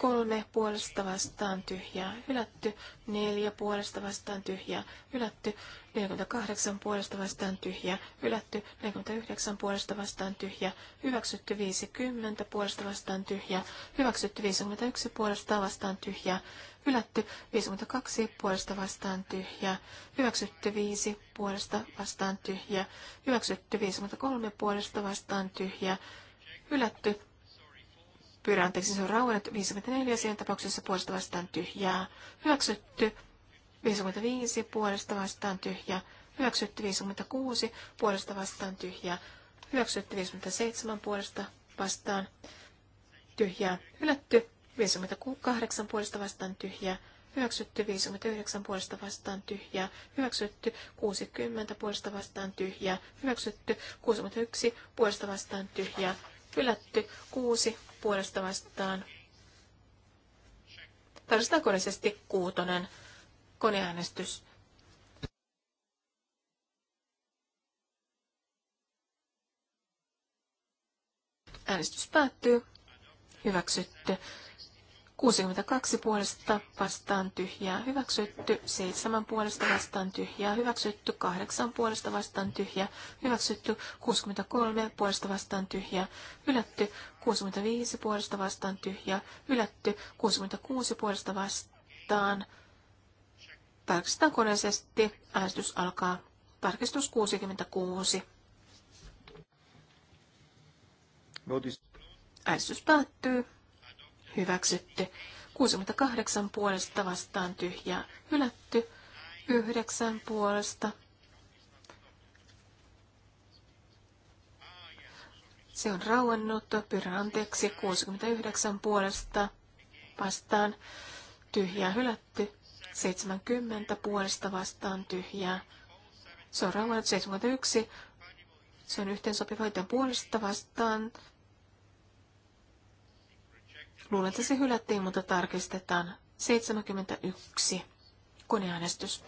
Speaker 2: Kolme puolesta vastaan tyhjää hylätty. Neljä puolesta vastaan tyhjää hylätty. 48 puolesta vastaan tyhjää hylätty. 49 puolesta vastaan tyhjää hyväksytty. 50 puolesta vastaan tyhjää hyväksytty. 51 puolesta vastaan tyhjää hylätty. 52 puolesta vastaan tyhjää hyväksytty. 5 puolesta vastaan tyhjää hyväksytty. 53 puolesta vastaan tyhjää hylätty. Pyydän anteeksi, se on rauennut 54 siihen tapauksessa puolesta vastaan tyhjää. Hyväksytty 55 puolesta vastaan tyhjää. Hyväksytty 56 puolesta vastaan tyhjää. Hyväksytty 57 puolesta vastaan tyhjää. Hylätty 58 puolesta vastaan tyhjää. Hyväksytty 59 puolesta vastaan tyhjää. Hyväksytty 60 puolesta vastaan tyhjää. Hyväksytty 61 puolesta vastaan tyhjää. Hylätty 6 puolesta vastaan. Tarkistetaan koneisesti kuutonen. Koneäänestys. Äänestys päättyy. Hyväksytty. 62 puolesta vastaan tyhjää hyväksytty, 7 puolesta vastaan tyhjää hyväksytty, 8 puolesta vastaan tyhjää hyväksytty, 63 puolesta vastaan tyhjää hylätty, 65 puolesta vastaan tyhjää hylätty, 66 puolesta vastaan. Tarkistetaan koneisesti. Äänestys alkaa. Tarkistus 66. Äänestys päättyy hyväksytty. 68 puolesta vastaan tyhjää hylätty. 9 puolesta. Se on rauennut. Pyydän anteeksi. 69 puolesta vastaan tyhjää hylätty. 70 puolesta vastaan tyhjää. Se on rauennut 71. Se on yhteensopiva, puolesta vastaan Luulen, että se hylättiin, mutta tarkistetaan. 71. Koneäänestys.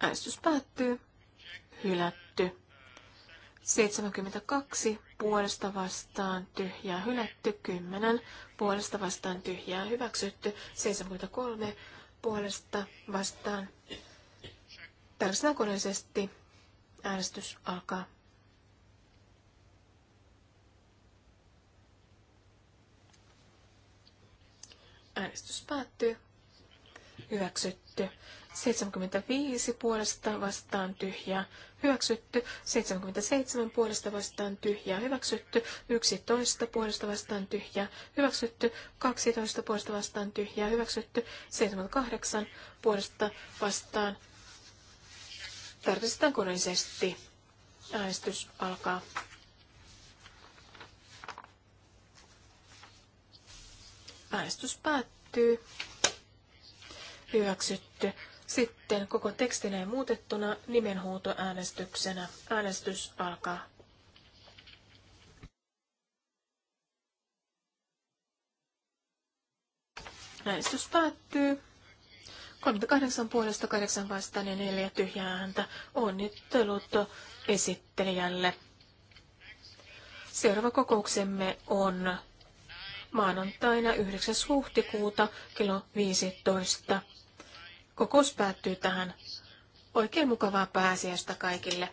Speaker 2: Äänestys päättyy. Hylätty. 72 puolesta vastaan tyhjää hylätty, 10 puolesta vastaan tyhjää hyväksytty, 73 puolesta vastaan. Tarkistetaankoneisesti äänestys alkaa. Äänestys päättyy. Hyväksytty. 75 puolesta vastaan tyhjää. Hyväksytty. 77 puolesta vastaan tyhjää. Hyväksytty. 11 puolesta vastaan tyhjää. Hyväksytty. 12 puolesta vastaan tyhjää. Hyväksytty. 78 puolesta vastaan. Tarkistetaan koneisesti. Äänestys alkaa. Äänestys päättyy. Hyväksytty. Sitten koko tekstinä muutettuna nimenhuutoäänestyksenä. Äänestys alkaa. Äänestys päättyy. 38 puolesta 8 vastaan ja 4 tyhjää ääntä. Onnittelut esittelijälle. Seuraava kokouksemme on maanantaina 9. huhtikuuta kello 15. Kokous päättyy tähän. Oikein mukavaa pääsiäistä kaikille.